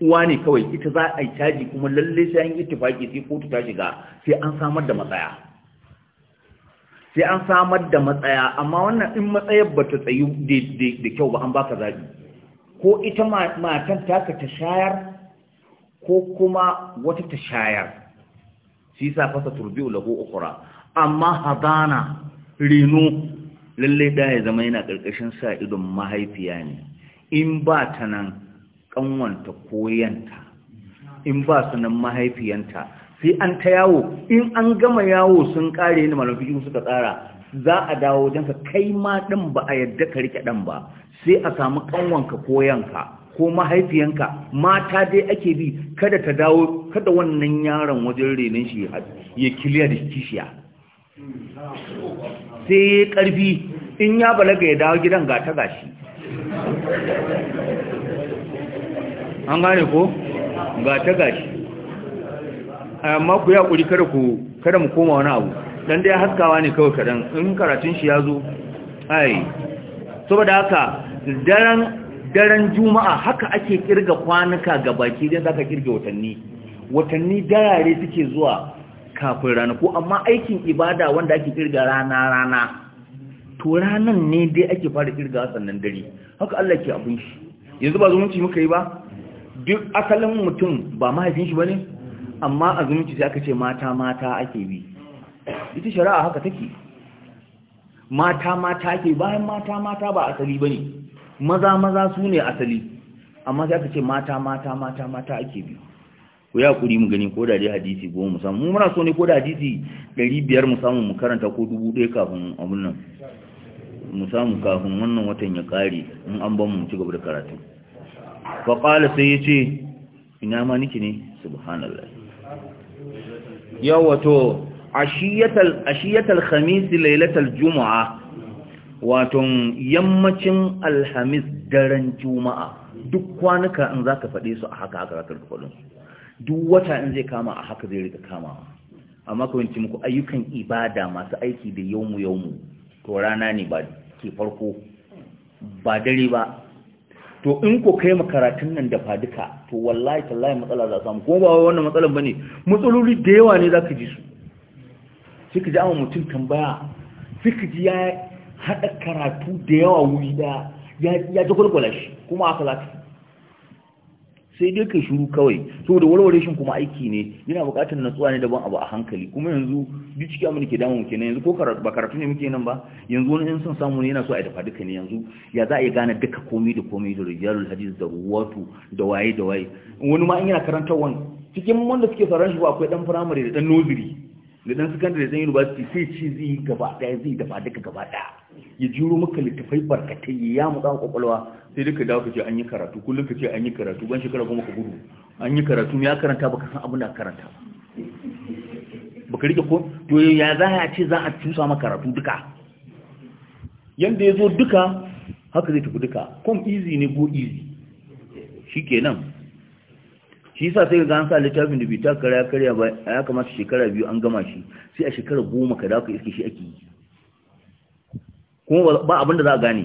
uwa ne kawai ita za a yi caji kuma lallai sai an yi tufaki sai kotu ta shiga sai an samar da matsaya sai an samar da matsaya amma wannan in matsayar ba ta tsayu da kyau ba an baka zaɓi ko ita matan taka ta shayar ko kuma wata ta shayar shi sa fasa turbi lahu ukura amma hadana reno lallai da ya zama yana ƙarƙashin sa idon mahaifiya ne in ba ta nan ƙanwanta koyanta in ba su nan mahaifiyanta sai an ta yawo in an gama yawo sun ƙare ni malafikin suka tsara za a dawo ka kai ma ɗin ba a yadda ka riƙe ɗan ba sai a samu ƙanwanka koyanka ko mahaifiyanka mata dai ake bi kada ta dawo kada wannan yaron wajen renon shi ya kiliya da kishiya sai ya ƙarfi, in ya balaga ya dawo gidan ga ta gashi an gane ko ga ta gashi amma ku ya ƙuri kada ku kada mu koma wani abu dan dai haskawa ne kawai kadan in karatun shi ya zo ai saboda haka daren daren juma'a haka ake kirga kwanuka ga baki za zaka kirge watanni watanni darare suke zuwa kafin rana ko amma aikin ibada wanda ake kirga rana rana to ranan ne dai ake fara kirga sannan dare haka Allah ke abin shi yanzu ba zumunci muka yi ba duk asalin mutum ba mahaifin shi bane amma a zumunci sai aka ce mata mata ake bi ita shari'a haka take mata mata ake bayan mata mata ba asali bane maza maza su ne asali amma sai aka ce mata mata mata mata ake bi ko ya kuri mu gani ko da dai hadisi goma mu samu mu muna so ne ko da hadisi 500 mu samu mu karanta ko 1000 kafin abun nan mu samu kafin wannan watan ya kare in an ban mu ci gaba da karatu fa qala sai yace ina ma niki ne subhanallah yawato ashiyatal ashiyatal khamis lailatal juma'a wato yammacin alhamis daren juma'a duk kwanuka in zaka fade su a haka haka zaka fadin su duk wata in zai kama a haka zai rika kamawa amma kawai ce muku ayyukan ibada masu aiki da yawmu yawmu to rana ne ba ke farko ba dare ba to in ko kai makaratun nan da faduka to wallahi tallahi matsala za samu kuma ba wannan matsalan bane matsaloli da yawa ne zaka ji su sai ka ji amma mutum tambaya sai ka ji ya hada karatu da yawa wuri da ya ya ji gurgula shi kuma aka za sai dai ka shiru kawai saboda warware shi kuma aiki ne yana buƙatar natsuwa ne daban abu a hankali kuma yanzu duk cikin abin ke damu nan. yanzu ko ba karatu ne muke nan ba yanzu wani in son samu ne yana so a dafa duka ne yanzu ya za a yi gane duka komai da komai da rijalul hadis da ruwatu da waye da waye wani ma in yana karantar wani cikin wanda suke sauran shi akwai dan firamare da dan noziri da dan secondary zan university sai ci zai yi gaba ɗaya zai dafa duka gaba daya ya jiro maka littafai barkatai ya yamu dan kwakwalwa sai duka dawo kace an yi karatu kullum kace an yi karatu ban shekara goma ka gudu an yi karatu ya karanta baka san abin da karanta baka rike ko to ya za ya ce za a tusa maka karatu duka yanda ya zo duka haka zai tafi duka kom easy ne go easy shikenan shi yasa sai ga an sa littafin da bai ta karya karya ba ya kamata shekara biyu an gama shi sai a shekara goma ka dawo ka iske shi ake yi kuma ba abin da za a gane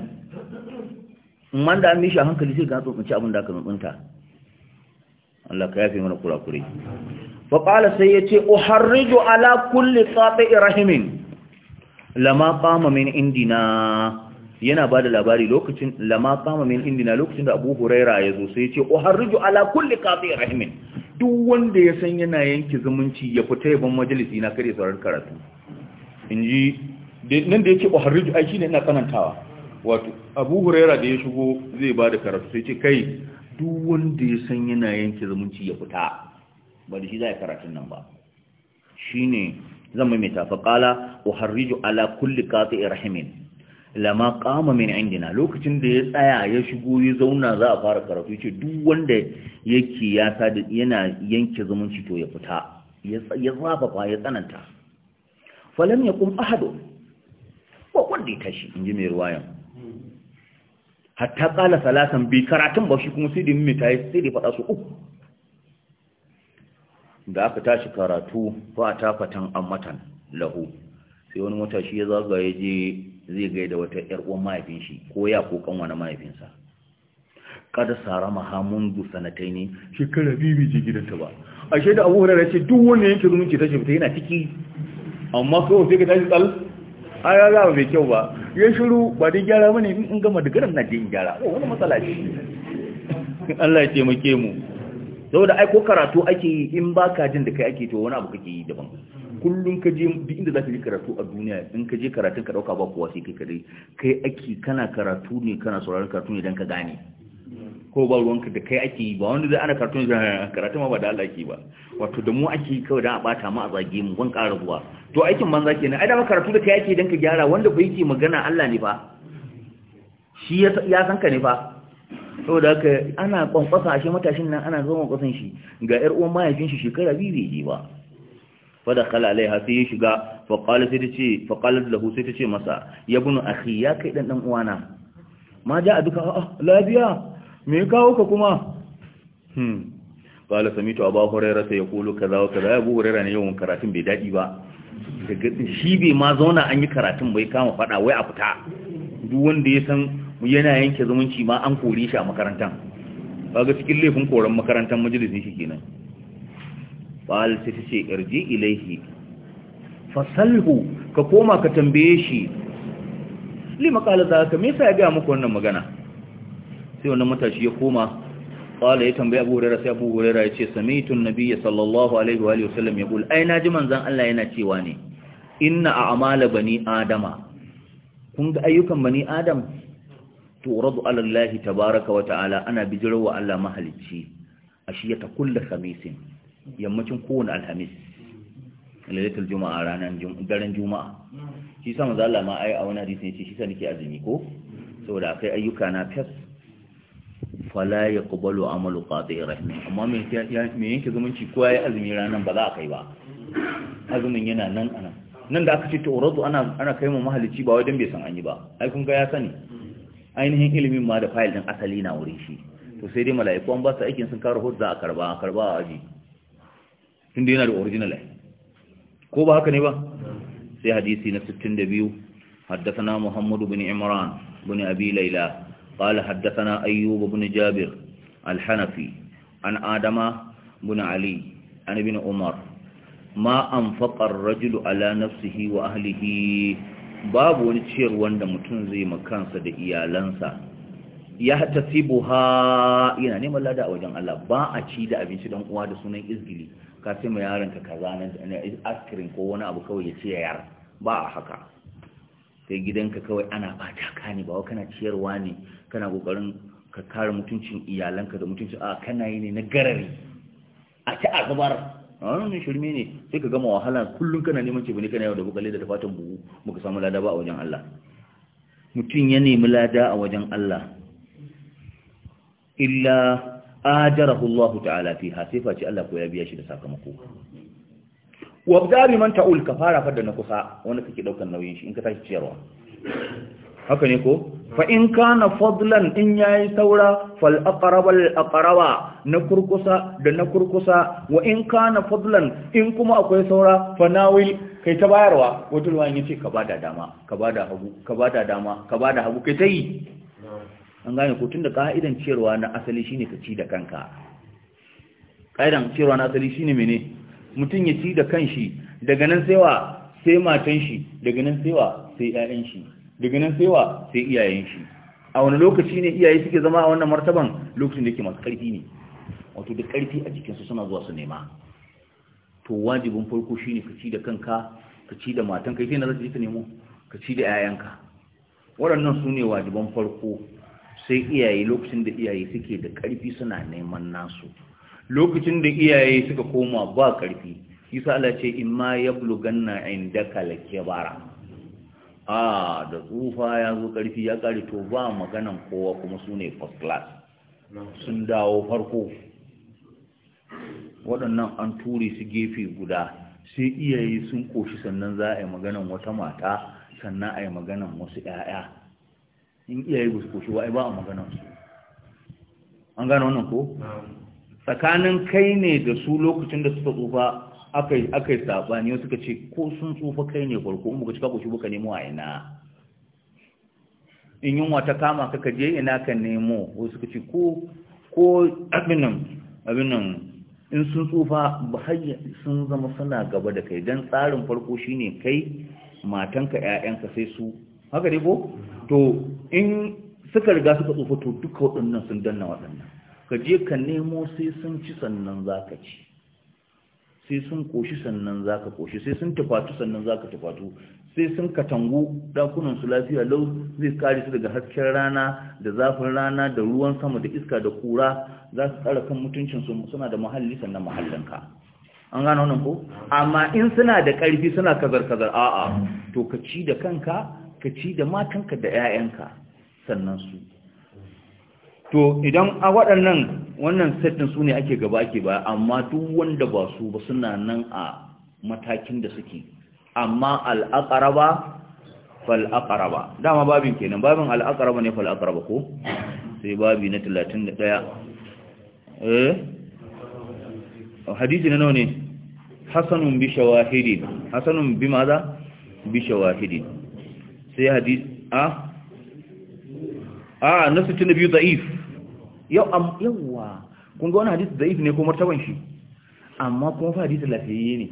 amma da an shi a hankali sai ka tsotsinci abin da aka tsotsinta Allah ka yafe mana kurakure fa qala sai yace uharriju ala kulli sabi rahimin lama qama min indina yana ba da labari lokacin lama kama min indina lokacin da abu huraira ya zo sai ya ce uharriju ala kulli qati rahimin duk wanda ya san yana yanki zumunci ya fita yaban majalisi na kare sauran karatu inji nan da yake uharriju ai ne ina tsanantawa wato abu huraira da ya shigo zai ba da karatu sai ce kai duk wanda ya san yana yanki zumunci ya fita ba da shi za a karatun nan ba shine zan maimaita fa qala uharriju ala kulli qati rahimin lama kama min indina lokacin da ya tsaya ya shigo ya zauna za a fara karatu ce duk wanda yake ya sadu yana yanke zumunci to ya fita ya zafafa ya tsananta falam ya kum ahadu ba wanda ya tashi in ji mai ruwayan hatta kala salatan bi karatun ba shi kuma sai da mimita ya sai da faɗa su uku da aka tashi karatu ba ta fatan ammatan lahu sai wani mutashi ya zagaye je zai gaida wata ‘yar uwan mahaifin shi ko ya ko kanwa na mahaifinsa kada sara mahamun du sanatai ne shekara biyu bai je gidanta ba a shaida abu hurara ce duk wanda yake zumunci ta shefta yana ciki amma kawai sai ka tashi tsal a ya zama mai kyau ba ya shiru ba dai gyara ba ne in gama da garan na je in gyara wani matsala shi Allah ya taimake mu saboda ai ko karatu ake yi in baka jin da kai ake to wani abu kake yi daban kullum ka je duk inda za ka je karatu a duniya in ka je karatun ka dauka ba kowa sai kai kadai kai ake kana karatu ne kana sauraron karatu ne dan ka gane ko ba ruwanka da kai ake yi ba wanda zai ana karatu ne karatu ma ba da Allah ke ba wato da mu ake yi kawai dan a bata mu a zage mu ban ƙara zuwa to aikin banza kenan ai da karatu da kai ake dan ka gyara wanda bai yake magana Allah ne ba shi ya san ka ne fa saboda haka ana kwankwasa a shi matashin nan ana zo kwasan shi ga yar uwan mahaifin shi shekara biyu bai je ba فدخل sai ta ce فقال da فقال ta ce masa, ya bunu a يا ya kai ɗanɗan uwana Ma ja a duka a ah, lafiya me kawo ka kuma hmm a ba abu hurairah sai kolo kaza wa kaza abu hurairah ne yawan karatun bai daɗi ba shi bai ma zauna an yi karatun bai kama fada wai a fita duk wanda ya san yana yanke zumunci ma an kore shi a makarantan ga cikin laifin koren makarantan majalisin shi kenan qal sai ta ce irji ilaihi fasalhu ka koma ka tambaye shi lima za zaka me yasa ya ga muku wannan magana sai wannan matashi ya koma qala ya tambaye Abu Hurairah sai Abu Hurairah ya ce sami'tu an-nabiyya sallallahu alaihi wa alihi wasallam yaqul ai naji manzon Allah yana cewa ne inna a'mala bani adama kun ga ayyukan bani adam turadu ala Allah tabaaraka wa ta'ala ana bijirwa Allah mahalicci ashiyata kullu khamisin yammacin kowane alhamis lalatar juma'a ranar daren juma'a shi sa za lama ma ai a wani hadisun ce shi sa nake azumi ko saboda akai ayyuka na fes, fala ya yaqbalu amalu ya rahmi amma me yanke zumunci ko yi azumi ranar ba za a kai ba azumin yana nan ana nan da aka ce ta ana ana kai mu mahalici ba wai dan bai san an yi ba ai kun ga ya sani ainihin ilimin ma da fayil din asali na wurin shi to sai dai mala'iku an ba su aikin sun karo za a karba a karba a aji inda yana da original ko ba haka ne ba sai hadisi na sittin da haddasa na muhammadu bin imran bin abi laila na حدثنا ايوب jabir alhanafi الحنفي عن ادم بن na عن ابن عمر ما انفق الرجل على نفسه واهله باب وني cewar wanda mutun zai makansa da iyalansa ya buha yana neman lada a wajen Allah ba a ci da abinci dan uwa da sunan izgili ka ce mai yaron ka kaza na askirin ko wani abu kawai ya ce yara. ba a haka sai gidanka kawai ana ba taka kani ba kana ciyarwa ne kana kokarin ka kare mutuncin iyalanka da mutuncin a kana yi ne na garari a ci a zubar wani shirme ne sai ka gama wahala kullum kana neman ce bane kana yau da bukale da fatan buhu muka samu lada ba a wajen Allah mutum ya nemi lada a wajen Allah illa ajarahu Allah ta'ala fiha sai ci Allah ko ya biya shi da sakamako wa bdari man ta'ul kafara fa da na kusa wanda kake daukan nauyin shi in ka tashi ciyarwa haka ne ko fa in kana fadlan in yayi saura fal aqrabal aqrawa na kurkusa da na kurkusa wa in kana fadlan in kuma akwai saura fa nawil kai ta bayarwa wato ruwan yace ka bada dama ka bada hagu ka bada dama ka bada hagu kai tai an gane ko tunda ka'idan ciyarwa na asali shine ka ci da kanka ka'idan ciyarwa na asali shine mene mutum ya ci da kanshi daga nan sai wa sai matan shi daga nan sai wa sai ƴaƴan shi daga nan sai wa sai iyayen shi a wani lokaci ne iyaye suke zama a wannan martaban lokacin da yake masu karfi ne wato da karfi a jikinsu suna zuwa su nema to wajibin farko shine ka ci da kanka ka ci da matan kai sai na zaka je ka nemo ka ci da 'ya'yanka waɗannan su ne wajiban farko sai iyaye lokacin da iyaye suke da ƙarfi suna neman nasu lokacin da iyaye suka koma ba ƙarfi isa Allah ce in ma yabluganna inda indaka bara. a da tsufa ya zo ƙarfi ya ƙare to ba maganan kowa kuma su ne first class sun dawo farko waɗannan an ture su gefe guda sai iyaye sun ƙoshi sannan za a yi maganan wata mata sannan a yi maganan wasu 'ya'ya in iyaye ba su koshi ba ba a magana su an gano wannan ko tsakanin kai ne da su lokacin da suka tsufa aka yi ne, wasu suka ce ko sun tsufa kai ne farko in buka cika koshi buka nemo a ina in yunwa ta kama ka je ina ka nemo wasu suka ce ko ko abinan abinan in sun tsufa bahayya sun zama suna gaba da kai don tsarin farko shine kai matanka 'ya'yanka sai su haka ne ko to in suka riga suka tsufa to duka waɗannan sun danna waɗannan ka je ka nemo sai sun ci sannan za ka ci sai sun koshi sannan za ka koshi sai sun tufatu sannan za ka tufatu sai sun katangu su lafiya lau zai kare su daga hasken rana da zafin rana da ruwan sama da iska da kura za su tsara kan mutuncinsu suna da muhalli sannan muhallin ka. an gano nan ko amma in suna da ƙarfi suna kazar-kazar a'a to ka ci da kanka ka ci da matanka da 'ya'yanka sannan su to idan a waɗannan wannan setin su ne ake gaba ake ba amma duk wanda ba su ba suna nan a matakin da suke amma al'aƙaraba fal'aƙaraba dama babin kenan babin al'aƙaraba ne fal'aƙaraba ko sai babi na talatin da ɗaya eh hadisi na nau ne hasanun bi shawahidin hasanun bi maza bi shawahidin sai hadis a a na 62 za'if. yau am yawa kun ga wani hadis za'if ne ko martaban shi amma kuma fa hadisi lafiyayye ne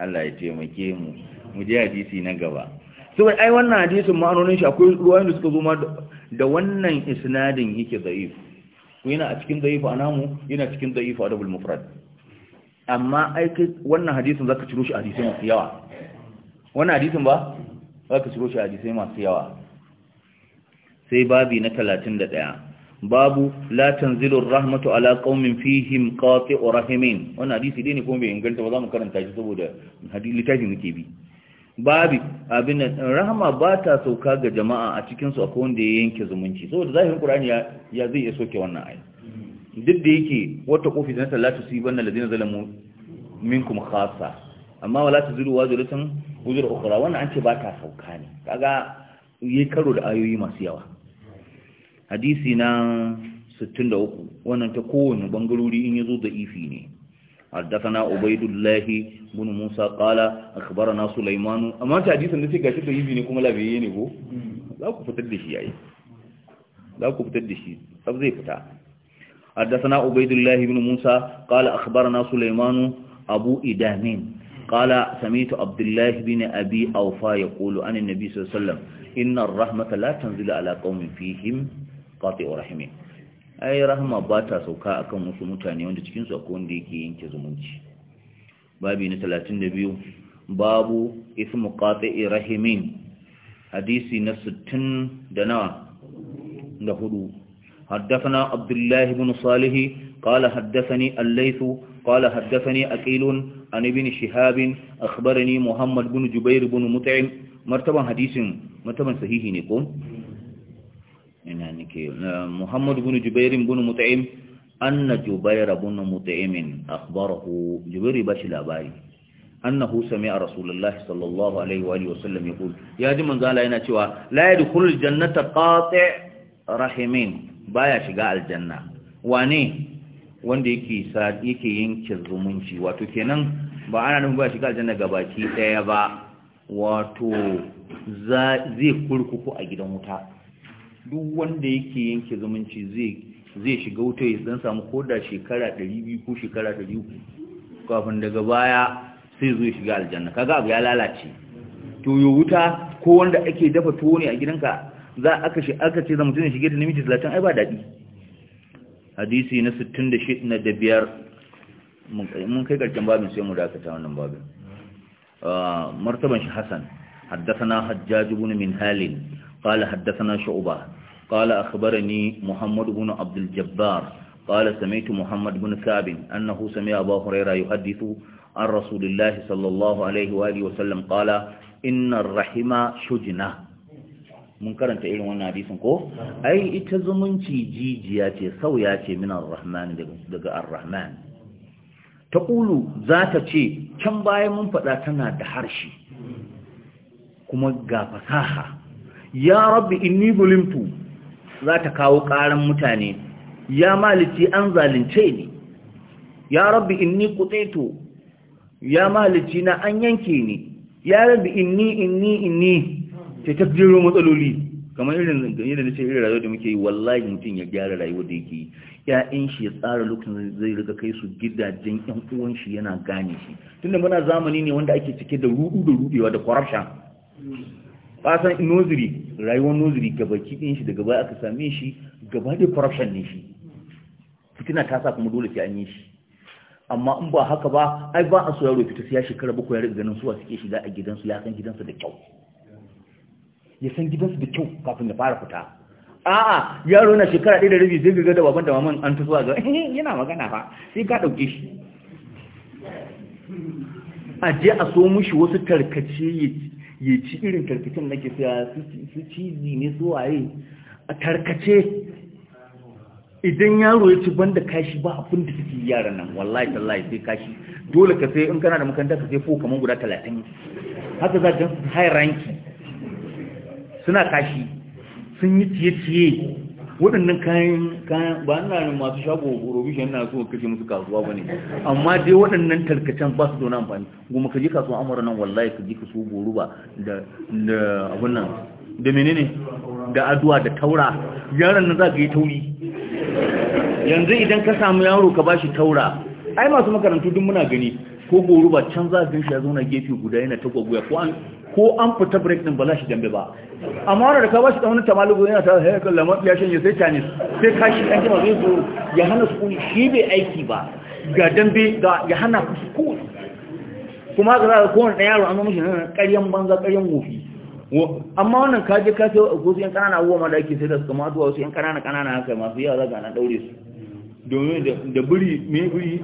Allah ya taimake mu mu je hadisi na gaba saboda ai wannan hadisin ma'anonin shi akwai ruwayoyin da suka zo ma da wannan isnadin yake da'if yana a cikin da'if namu yana cikin da'if adabul mufrad amma ai kai wannan hadisin zaka ciro shi hadisin yawa wannan hadisin ba za ka shiro shi hadisai masu yawa sai babi na talatin da ɗaya babu la tanzilur rahmatu ala qaumin fihim qati'u rahimin wannan hadisi dai ne kuma bai inganta ba za mu karanta shi saboda hadisi littafi muke bi babi abin rahama ba ta sauka ga jama'a a cikin su akwai wanda ya yanke zumunci saboda zahirin qur'ani ya zai iya soke wannan ayi duk da yake wata kofi na sallatu sibanna ladina zalamu minkum khassa amma wala ta zuru zuratan wuzur ukura wannan an ce ba ta sauka ne kaga yi karo da ayoyi masu yawa hadisi na 63 wannan ta kowane bangarori in yazo da ifi ne حدثنا عبيد الله بن موسى قال اخبرنا سليمان amma ta hadisin da ce gashi da ifi ne kuma labiye ne go za ku fitar da shi yayi za ku fitar da shi sab zai fita حدثنا عبيد الله بن موسى قال اخبرنا سليمان ابو ادامين قال سميت عبد الله بن أبي أوفا يقول عن النبي صلى الله عليه وسلم إن الرحمة لا تنزل على قوم فيهم قاطع رحمين ai rahama ba ta sauka akan wasu mutane wanda cikinsu akwai wanda yake yanke zumunci babi na 32 babu ismu qati'i rahimin hadisi na 60 da nawa da hudu حدثنا عبد الله بن صالح قال حدثني الليث قال حدثني أكيل عن ابن شهاب أخبرني محمد بن جبير بن متعم مرتبا حديث مرتبا صحيح نكون محمد بن جبير بن متعم أن جبير بن متعم أخبره جبير باش باي أنه سمع رسول الله صلى الله عليه وآله وسلم يقول يا دي من قال شوى لا يدخل الجنة قاطع رحمين بايا شقاء الجنة واني wanda yake yake yanke zumunci wato kenan ba ana nufin ba shiga aljanna gabaki daya ba wato zai kurkuku a gidan wuta duk wanda yake yanke zumunci zai zai shiga wuta ya dan samu koda shekara 200 ko shekara 300 kafin daga baya sai zai shiga aljanna kaga abu ya lalace to yo wuta ko wanda ake dafa tuwo ne a gidanka za aka shi aka ce zamu tuna shige da namiji 30 ai ba dadi hadisi na 66 na da biyar mun kai karkin babin sai mu dakata wannan babin ah, martaban shi hassan haddasana hajjaji bin min halin kala haddasana shu'uba kala akhbarani muhammad bin abdul jabbar samaitu muhammad bin sabin annahu sami abu huraira yuhaddithu an rasulullahi sallallahu inna rahima shujna mun karanta irin wannan hadisin ko ai ita zumunci jijiya ce sauya ce min ar-rahman daga ar-rahman Ta Kulu za ta ce can baya mun faɗa tana da harshe kuma ga fasaha ya rabbi inni zulimtu ta kawo ƙaran mutane ya maliki an zalunce ni ya rabbi inni qutaitu ya maliki na an yanke ni ya rabbi inni inni inni sai ta jero matsaloli kamar irin yadda na ce irin rayuwar da muke yi wallahi mutum ya gyara rayuwar da yake yi ya'yan shi ya tsara lokacin zai riga kai su gidajen yan uwan shi yana gane shi tunda muna zamani ne wanda ake cike da rudu da rudewa da corruption noziri rayuwar noziri gabaki ɗin shi daga baya aka same shi gaba da corruption ne shi fitina ta sa kuma dole sai an yi shi amma in ba haka ba ai ba a so yaro fita sai ya shekara bakwai ya riga ganin suwa suke shiga a gidansu ya san gidansa da kyau ya san gidansu da kyau kafin ya fara fita a'a yaro na shekara ɗaya da rabi zai gaga da baban da maman an tasowa ga yana magana fa sai ka ɗauke shi a je a so mushi wasu tarkace ya ci irin tarkacen nake saya su cizi ne su waye a tarkace idan yaro ya ci banda kashi ba abin da suke yaran nan wallahi tallahi sai kashi dole ka sai in kana da makaranta ka sai fo kaman guda talatin haka za ka high ranking suna kashi sun yi ciye-ciye waɗannan kayan kayan ba na nan masu shago shi na zuwa kashe musu kasuwa ba ne amma dai waɗannan tarkacen ba su da amfani goma ka je kasuwan amurra nan wallahi ka je ka so goruba da abin nan da menene da aduwa da taura yaron nan za ka yi tauri yanzu idan ka samu yaro ka ba shi taura ai masu makarantu duk muna gani ko goro ba can za gan shi ya zauna gefe guda yana ta gwagwaya ko an ko an fita break din ba za shi dambe ba amma wanda da ka ba shi ɗaunin tamalugu yana ta haya kan lamar ya shanye sai canis sai kashi ɗan jima zai zo ya hana su shi bai aiki ba ga dambe ga ya hana ku kuma ga za kowane ɗaya yaro an zama shi nan eh, ƙaryan banza ƙaryan wofi amma wannan kaje ka sai wasu yan ƙanana abubuwa ma da ake sai da su kamar wasu yan ƙanana ƙanana haka masu yawa za ga ana ɗaure su domin da buri mai buri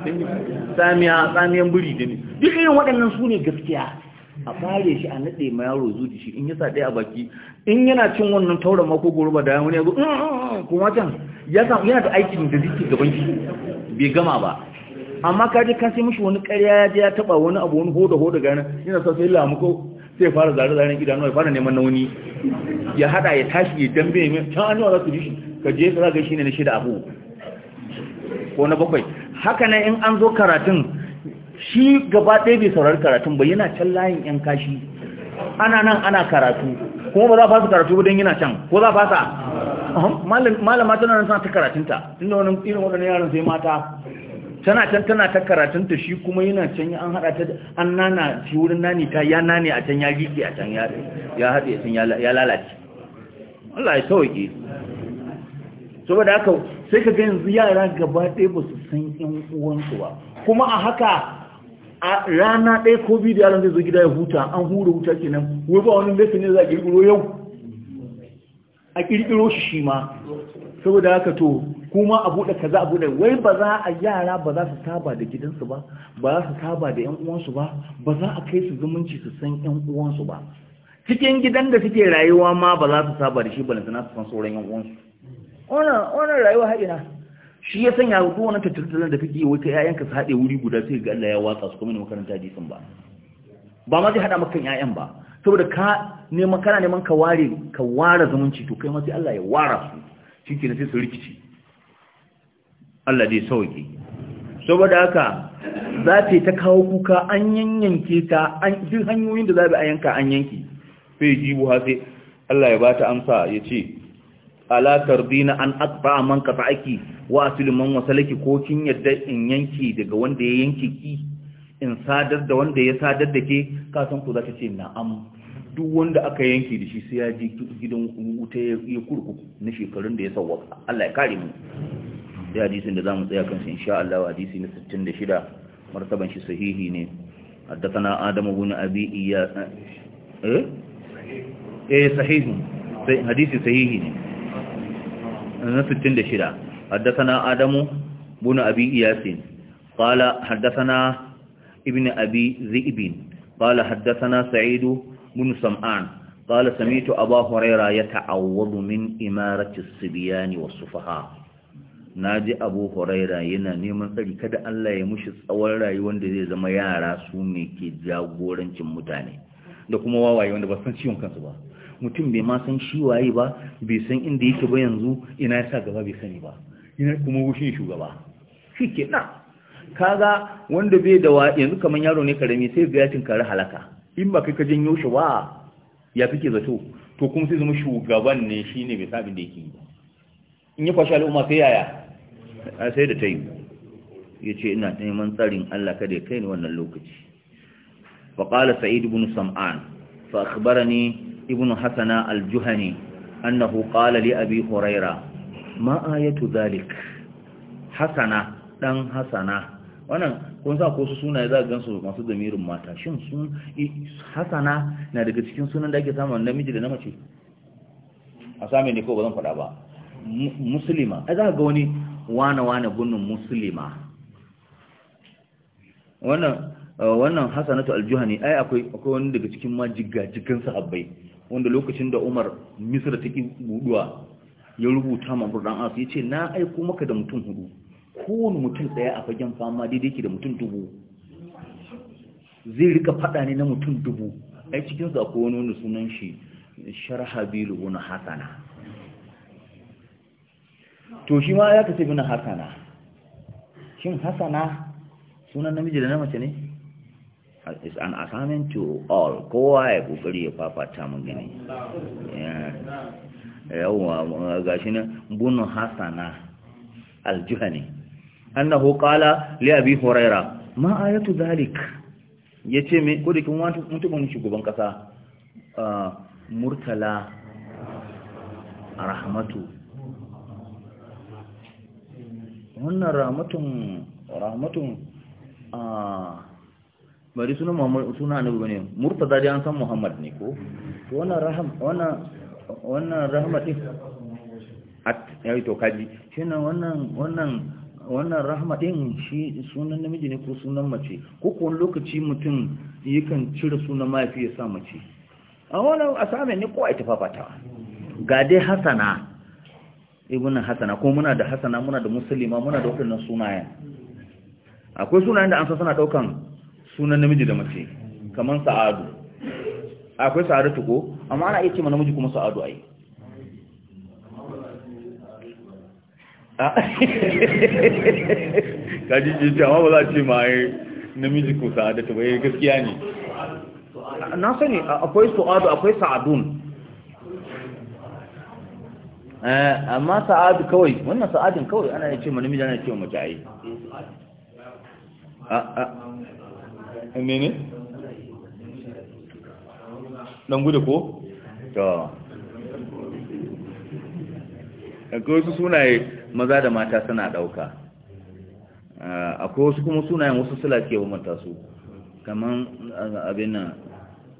samiya tsamiyan buri da ne duk irin waɗannan su ne gaskiya a fare shi a naɗe ma yaro da shi in ya sa ɗaya a baki in yana cin wannan taura mako goroba da yawon ya zo mm, mm, mm, kuma can ya samu yana da aikin da zike gaban shi bai gama ba amma ka je kan sai mishi wani ƙarya ya je ya taɓa wani abu wani hoda hoda gani. yana sa sai lamu ko sai fara zare zaren idanu ya fara neman nauni ya hada ya tashi ya dambe mai can an yi wa za su ji shi ka je ka zaga shi ne na shida abu ko na bakwai haka nan in an zo karatun shi gaba ɗaya bai saurari karatun ba yana can layin yan kashi ana nan ana karatu kuma ba za a fasa karatu ba don yana can ko za a fasa malama tana nan tana ta karatunta inda wani irin waɗannan yaran sai mata tana can tana ta karatunta shi kuma yana can an haɗa ta an nana shi wurin nani ta ya nane a can ya giki a can ya haɗe ya lalace Allah ya sauƙi saboda haka sai ka ga yanzu yara gaba ɗaya ba su san ƴan uwansu ba kuma a haka a rana ɗaya ko biyu da yaron zai zo gida ya huta an hura huta kenan wai ba wani lesson ne za a kirkiro yau a kirkiro shi ma saboda haka to kuma a buɗe kaza a buɗe wai ba za a yara ba za su saba da gidansu ba ba za su saba da ƴan uwansu ba ba za a kai su zumunci su san ƴan uwansu ba cikin gidan da suke rayuwa ma ba za su saba da shi balantana su san sauran ƴan uwansu wannan rayuwa haɗina shi ya sanya hudu wani tattalin da kake wata yayanka su haɗe wuri guda sai ga Allah ya watsa su kuma ne makaranta hadisin ba ba ma zai haɗa maka yayan ba saboda ka neman kana neman ka ware ka ware zumunci to kai ma sai Allah ya ware su ke sai su rikici Allah dai sauke saboda haka za ta ta kawo kuka an yanyanke ta an duk hanyoyin da za a yanka an yanke. sai jibu ha sai Allah ya bata amsa ya ce ala tarbina an aqta man qata'aki wa asilu man wasalaki ko kin yadda in yanki daga wanda ya yanki ki in sadar da wanda ya sadar da ke ka san ku zaka ce na'am duk wanda aka yanki da shi sai ya ji gidan wuta ya kurkuku na shekarun da ya sawwaka Allah ya kare mu da hadisin da zamu tsaya kansa insha Allah hadisi na 66 martaban shi sahihi ne حدثنا abi iyya eh eh sahihi sai hadisi sahihi ne 66 حدثنا ادم بن ابي اياس قال حدثنا ابن ابي ذئب قال حدثنا سعيد بن سمعان قال سميت ابا هريره يتعوض من اماره الصبيان والصفهاء naji abu huraira yana neman tsari kada Allah ya mushi tsawon rayuwar da zai zama yara su ne ke jagorancin mutane da kuma wawaye wanda ba san ciwon kansu ba mutum bai ma san shi waye ba bai san inda yake ba yanzu ina ya sa gaba bai sani ba ina kuma gushin shugaba shi na kaga wanda bai da yanzu kamar yaro ne karami sai ga ya kare halaka in ba kai ka janyo shi ba ya ke zato to kuma sai zama shugaban ne shine bai sabin da yake ba in ya kwashi al'umma sai yaya a sai da ta yi ya ce ina neman tsarin Allah kada ya kai ni wannan lokaci faƙala sa'id ibn sam'an fa akhbarani ibn hasana al-juhani annahu qala li abi huraira ma ayatu dhalik hasana dan hasana wannan kun sa ko su sunaye za ka gansu masu damirin mata shin sun hasana na daga cikin sunan da ake samu namiji da na mace a same ne ko ba zan faɗa ba muslima A za ga wani wane-wane gunnun muslima wannan uh, wannan hasanatu aljuhani ai akwai akwai wani daga cikin majigajigan sahabbai wanda lokacin da Umar Misr ta ki ya rubuta ma Burdan As ce na aiko maka da mutum hudu kowane mutum daya a fagen fama daidai ke da mutum dubu zai rika fada ne na mutum dubu ai cikin su wani wani sunan shi Sharhabilu ibn Hasana to shi ma ya kace ibn Hasana shin Hasana sunan namiji da na mace ne is an assignment to all kowa ya kokari ya fafata mun gani yawwa gashi ne bunu hasana aljuhani annahu qala li abi huraira ma ayatu dhalik yace me ko dikin wani mutumin shugaban kasa murtala rahmatu wannan rahmatun rahmatun bari suna Muhammad suna annabi bane murtada dai an san Muhammad ne ko wannan raham wannan wannan rahmatin at yayi to kaji shine wannan wannan wannan rahmatin shi sunan namiji ne ko sunan mace ko kun lokaci mutum yakan cire sunan mafi ya sa mace a wannan asame ne ko ai fafata ga dai hasana ibn hasana ko muna da hasana muna da muslima muna da wannan sunaye akwai sunayen da an san suna daukan sunan namiji da mace kaman sa'adu akwai Sa'adu ko amma ana iya ce ma namiji kuma sa'adu ai ah. ka ji ji amma ba za a ce ma ai namiji ko Sa'adu ta, ba eh, gaskiya ne na sani akwai Sa'adu akwai sa'adun eh, amma sa'adu kawai wannan sa'adun kawai ana ce ma namiji ana ce ma mace ai ah, ah. mene dan gudu ko to akwai wasu sunaye maza da mata suna dauka ah, akwai wasu kuma sunayen wasu sula ke mata su kaman ah, abin nan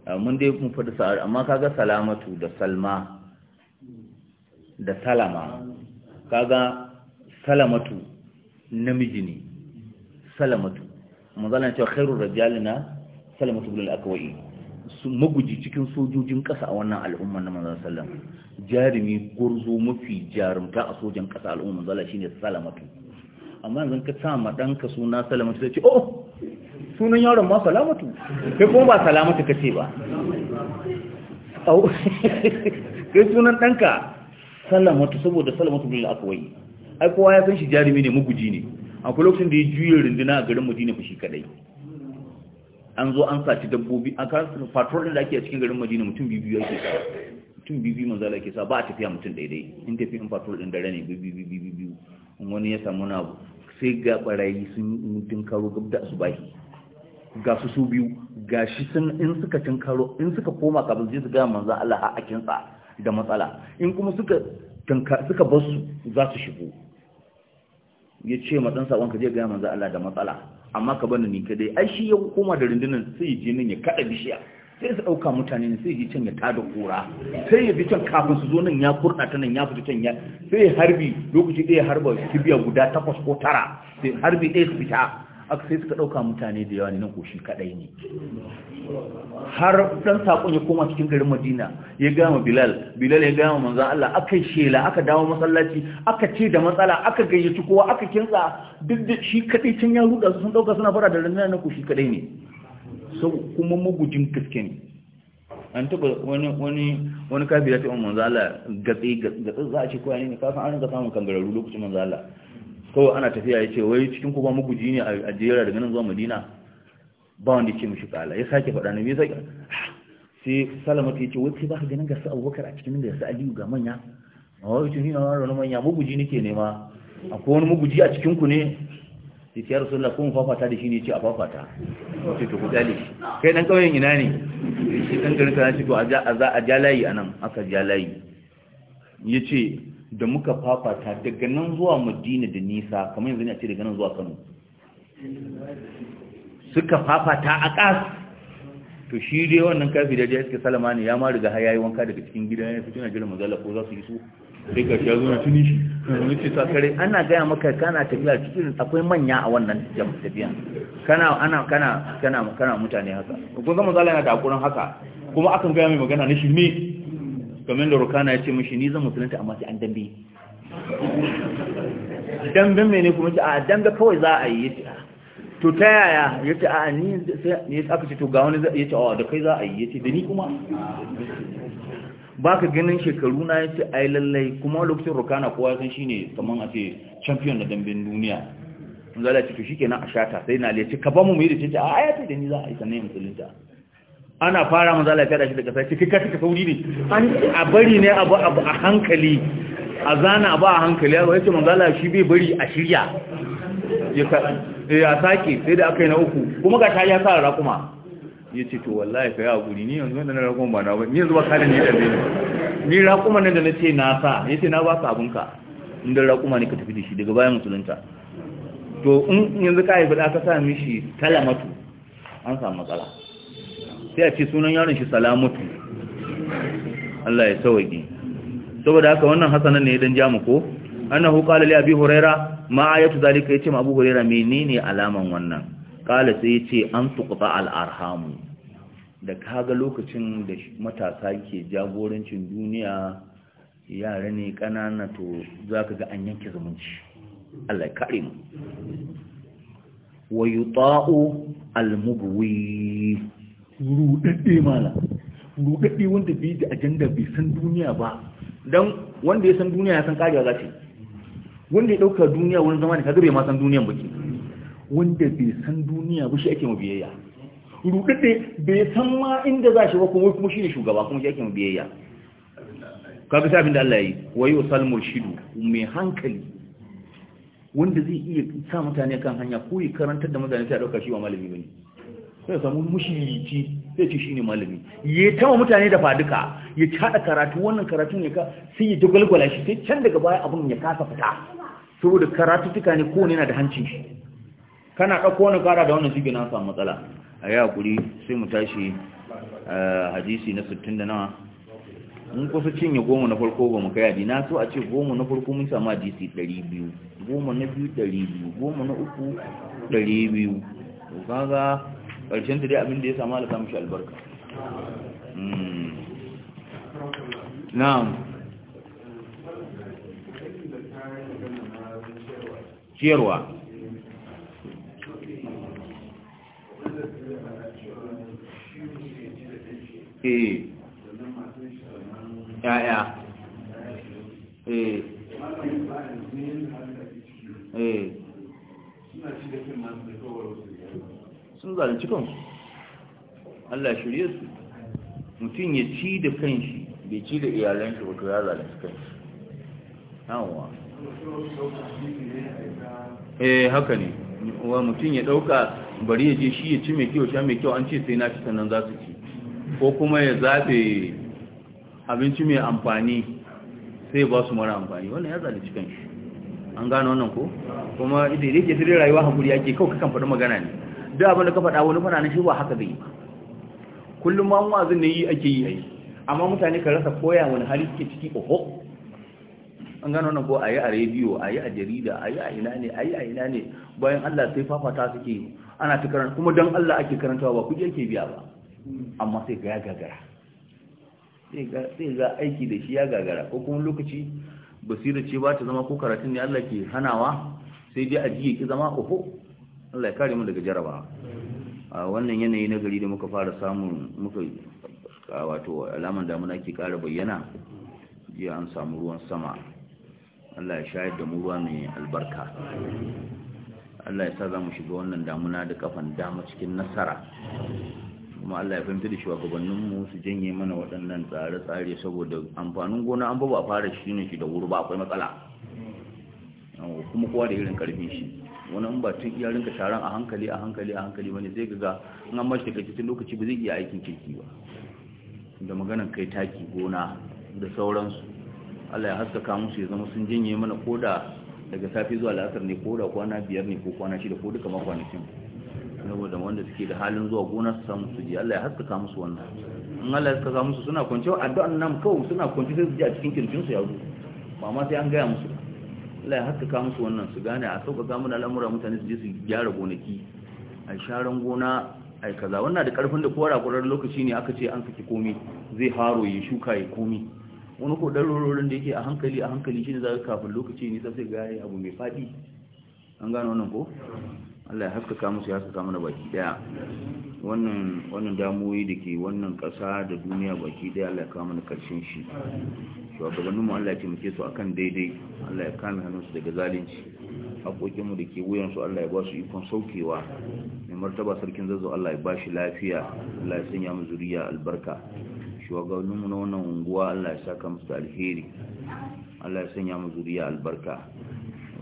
ah, mun dai kuma faɗi sa'ar amma kaga salamatu da salma da salama kaga salamatu namiji ne salamatu manzala cewa khairur rajalina salamatu bil akwai su maguji cikin sojojin ƙasa a wannan al'umma na manzala sallam jarumi gurzo mafi jarumta a sojan ƙasa al'umma manzala shine salamatu amma yanzu ka sa ma ka suna salamatu sai ce oh sunan yaron ma salamatu sai kuma ba salamatu ka ce ba kai sunan ɗanka salamatu saboda salamatu bil akwai ai kowa ya san shi jarumi ne maguji ne akwai lokacin da ya juya runduna a garin madina fashi kadai an zo an saci dabbobi a kan patrol da ake a cikin garin madina mutum ya ke sa mutum bibi manzala Allah yake sa ba a tafiya mutum daidai in tafi in patrol din dare ne bibi bibi bibi wani ya samu na sai ga barayi sun mutum karo gab da asubahi ga su su biyu ga shi sun in suka tun karo in suka koma kafin su ga manza Allah a akinsa da matsala in kuma suka suka bar su za su shigo ya ce matsan sabon ka je ga manzo Allah da matsala amma ka bani ni dai ai shi ya koma da rundunar sai ji nan ya kada bishiya sai su dauka mutane ne sai ji can ya tada kura sai ya bi can kafin su zo nan ya kurda ta nan ya fita can ya sai harbi lokaci ɗaya harba kibiya guda takwas ko tara sai harbi ɗaya su fita aka sai suka ɗauka mutane da yawa ne nan koshi kaɗai ne har ɗan saƙon ya koma cikin garin madina ya gama bilal bilal ya gama manzan Allah aka shela aka dawo masallaci aka ce da matsala aka gayyaci kowa aka kinsa duk da shi kaɗai can ya ruɗa sun ɗauka suna fara da rundunar na koshi kaɗai ne so kuma magujin gaske ne an taɓa wani wani wani kafin ya taɓa manzan Allah gatsi gatsi za a ce kowa ne kafin an rinka samun kangararru lokacin manzan Allah kawai ana tafiya ya ce wai cikin kuma maguji ne a jera daga nan zuwa madina ba wanda ya ce mashi kala ya sake faɗa na biyu sai sai salamatu ya ce wai sai ba ka ganin gasa abubakar a cikin da gasa aliyu ga manya a wani cikin na wani manya maguji ke nema akwai wani maguji a cikin ku ne sai ya rasu ko mu fafata da shi ne ce a fafata ce to ku dale kai dan kawai ina ne ce dan garin kana ce to a za a ja layi anan aka ja layi ce. da muka fafata daga nan zuwa madina da nisa kamar yanzu ne a ce daga nan zuwa kano suka fafata a ƙas to shi dai wannan kafi da jihar suke salama ne ya ma riga har yayi wanka daga cikin gidan ya fito na jiran mazala ko za su yi su sai ka shi ya zo na tuni shi wani ce ta kare ana gaya maka kana tafiya cikin akwai manya a wannan tafiya kana ana kana kana kana mutane haka ko zama zala yana da hakurin haka kuma akan gaya mai magana na shi ne domin da rukana ya ce mashi ni zan musulunta amma sai an dambe damben ne kuma ce a dambe kawai za a yi ya ce to ta yaya ya ce a ni ya aka ce to ga wani ya ce a da kai za a yi ya ce da ni kuma ba ka ganin shekaru na ya ce a yi lallai kuma lokacin rukana kowa sun shi ne kamar a ce champion na damben duniya da ce to shi kenan a shata sai na liya ce ka ba mu mu yi da ce a ya ce da ni za a yi sannan musulunta ana fara manzo Allah ya da shi daga sai kika kika sauri ne a bari ne abu abu a hankali a zana abu a hankali A ce mun Allah shi bai bari a shirya eh, ya sake sai da aka yi na uku kuma ga ta ya sa raƙuma ya ce to wallahi kai a guri ni yanzu wanda na kuma ba na ba ni yanzu ba da ni da ni ni kuma ne da na ce na sa ya ce na ba ka abinka inda kuma ne ka tafi da shi daga bayan musulunta to in yanzu ka yi da ka sa mishi talamatu an samu matsala sai a ce sunan yaron shi salamatu Allah ya sauki saboda haka wannan hasanan ne dan jamu ko annahu qala li abi huraira ma ayatu zalika yace ma abu huraira menene alaman wannan qala sai yace an tuqta al arham da kaga lokacin da matasa ke jagorancin duniya yara ne kanana to zaka ga an yanke zumunci Allah ya kare mu wa yuta'u al mubwi rudadde mala rudadde wanda bai da ajanda bai san duniya ba dan wanda ya san duniya ya san kariya za wanda ya dauka duniya wani zamani kaga bai ma san duniyan ba wanda bai san duniya ba shi ake mabiyayya rudadde bai san ma inda za shi ba kuma kuma shi ne shugaba kuma shi ake mabiyayya kaga sai abin da Allah ya yi wayo salmul shidu mai hankali wanda zai iya sa mutane kan hanya ko ya karantar da mutane sai a dauka shi wa malami bane sai samu mushiriki sai ce shine malami ya kama mutane da faduka ya cada karatu wannan karatu ne ka sai ya dagwalgwala shi sai can daga baya abun ya kasa fita saboda karatu tuka ne kowane yana da hancin shi kana ɗauko wani kara da wannan shi na samu matsala a yi hakuri sai mu tashi eh, hadisi na 60 da nawa mun kusa cinye goma na farko ba mu kai hadi na so a ce goma na farko mun samu hadisi 200 goma na biyu 200 goma na uku 200 to kaga ƙarshen ta dai abin da ya samu ala samun shi albarka hmm. na'am ciyarwa eh eh eh sun zalunci kansu Allah shirye su mutum ya ci da kanshi bai ci da iyalan shi wato ya zalunci kanshi yawwa eh haka ne wa mutum ya dauka bari ya je shi ya ci mai kyau sha mai kyau an ce sai na ci sannan za su ci ko kuma ya zaɓe abinci mai amfani sai ba su mara amfani wannan ya zalunci kanshi an gano wannan ko kuma idan yake sai rayuwa hakuri ake kawai kakan faɗi magana ne da abin da ka faɗa wani fana na shi ba haka zai yi ba kullum ma wazin ne yi ake yi ai amma mutane ka rasa koya wani hali suke ciki oho an gano nan ko a yi a rediyo a yi a jarida a yi a ina ne a yi a ina ne bayan allah sai fafata suke ana ta karanta kuma don allah ake karantawa ba kuje ake biya ba amma sai ga ya gagara sai ga aiki da shi ya gagara ko kuma lokaci basira ce ba ta zama ko karatun ne allah ke hanawa sai dai a jiye ki zama oho Allah ya kare mu daga jaraba a wannan yanayi na gari da muka fara samun muka wato alaman damuna ke kara bayyana jiya an samu ruwan sama Allah ya shayar da mu ruwa mai albarka Allah ya sa za mu shiga wannan damuna da kafan dama cikin nasara kuma Allah ya fahimta da shugabanninmu su janye mana waɗannan tsare-tsare saboda amfanin gona an ba ba fara shi ne shi da wuri ba akwai matsala kuma kowa da irin karfin shi wani ba tun iya rinka taron a hankali a hankali a hankali wani zai ga in an mashi tun lokaci ba zai iya aikin kirki ba da maganan kai taki gona da sauransu Allah ya haskaka musu ya zama sun janye mana koda daga safi zuwa la'asar ne ko da kwana biyar ne ko kwana shida ko duka makwanakin saboda wanda suke da halin zuwa gona su samu su ji Allah ya haskaka musu wannan in Allah ya haskaka musu suna kwance addu'an nan kawai suna kwance sai su ji a cikin kirjinsu ya zo ba ma sai an gaya musu Allah ya haskaka musu wannan su gane a sauƙaƙa mana al'amura mutane su je su gyara gonaki a sharan gona a kaza wannan da ƙarfin da kowa rakurar lokaci ne aka ce an saki komi zai haro ya shuka ya komi wani ko ɗarurorin da yake a hankali a hankali shi ne za ka kafin lokaci ne sai gaya abu mai faɗi an gane wannan ko Allah ya haskaka musu ya haskaka mana baki daya wannan wannan damuwoyi da ke wannan ƙasa da duniya baki daya Allah ya kawo mana ƙarshen shi shugabanninmu Allah ya taimake su akan daidai Allah ya kame hannunsu daga zalunci haƙoƙinmu da ke wuyan su Allah ya ba su ikon saukewa mai martaba sarkin zazzau Allah ya ba shi lafiya Allah ya sanya mu zuriya albarka shugabanninmu na wannan unguwa Allah ya saka musu da alheri Allah ya sanya mu zuriya albarka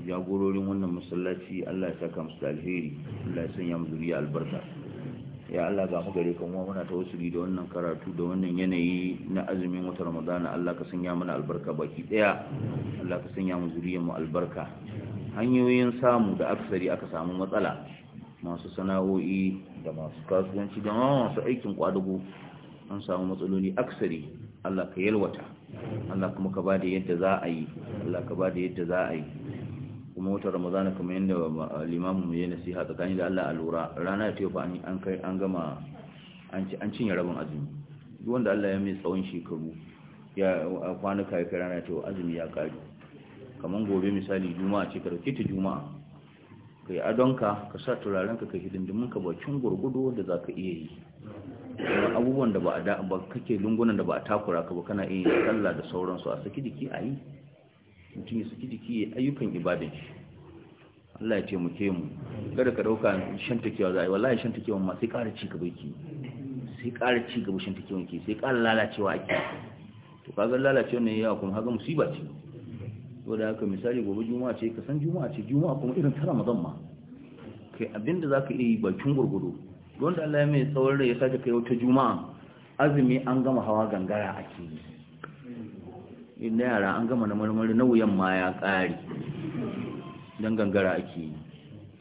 jagororin wannan masallaci Allah ya saka musu alheri Allah ya sanya mu zuriya albarka ya Allah ga mu gare ka mu muna tawassuli da wannan karatu da wannan yanayi na azumin wata Ramadana Allah ka sanya mana albarka baki daya Allah ka sanya mu zuriyar mu albarka hanyoyin samu da aksari aka samu matsala masu sana'o'i da masu kasuwanci da masu aikin kwadago an samu matsaloli aksari Allah ka yalwata Allah kuma ka ba da yadda za a yi Allah ka ba da yadda za a yi kuma wata ramadana kamar yadda limamin ya ya nasiha tsakanin da Allah a lura rana ta yofa an kai an gama an cinye rabin azumi duwan wanda Allah ya mai tsawon shekaru ya kwana ya kai rana ta azumi ya kari kamar gobe misali juma'a ce ka dauke ta juma'a ka yi adonka ka sa turaren ka ka hidindimin ka bakin gurgudu da za ka iya yi abubuwan da ba a da ba kake lungunan da ba a takura ka ba kana iya sallah da sauransu a saki jiki a yi mutum ya saki jiki ya ayyukan ibadan shi Allah ya ce mu ke mu kada ka dauka shan takewa za a yi wallahi shan takewa ma sai kara ci gaba ki sai kara ci gaba shan takewa ki sai kara lalacewa ake to kagar lalacewa ne yawa kuma haka musiba ce da haka misali gobe juma'a ce ka san juma'a ce juma'a kuma irin tara mazan ma kai abinda zaka iya yi bakin gurgudu da Allah ya mai tsawon rai ya sake kai wata juma'a azumi an gama hawa gangara ake yi inda yara an gama na marmari na wuyan ma ya ƙari don gangara ake yi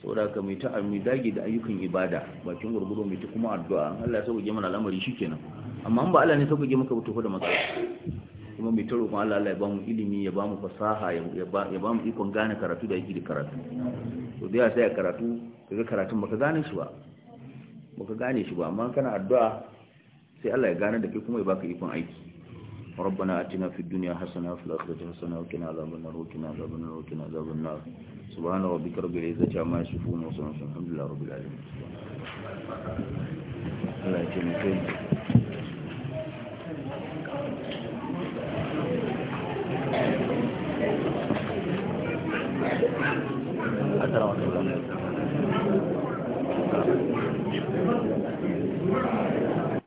saboda ka mai ta'ar mai dage da ayyukan ibada bakin gurguru mai ta kuma addu'a Allah ya sauke mana al'amari shikenan amma an ba Allah ne sauke maka mutu da maka kuma mai ta roƙon Allah ya ya bamu ilimi ya bamu fasaha ya bamu ikon gane karatu da yake da karatu to da ya sai karatu kaga karatun baka gane shi ba baka gane shi ba amma kana addu'a sai Allah ya gane da kai kuma ya baka ikon aiki ربنا آتنا في الدنيا حسنة وفي الآخرة حسنة وقنا عذاب النار وقنا عذاب النار وقنا عذاب النار سبحان ربك رب العزة عما يصفون وسلام الحمد لله رب العالمين Gracias.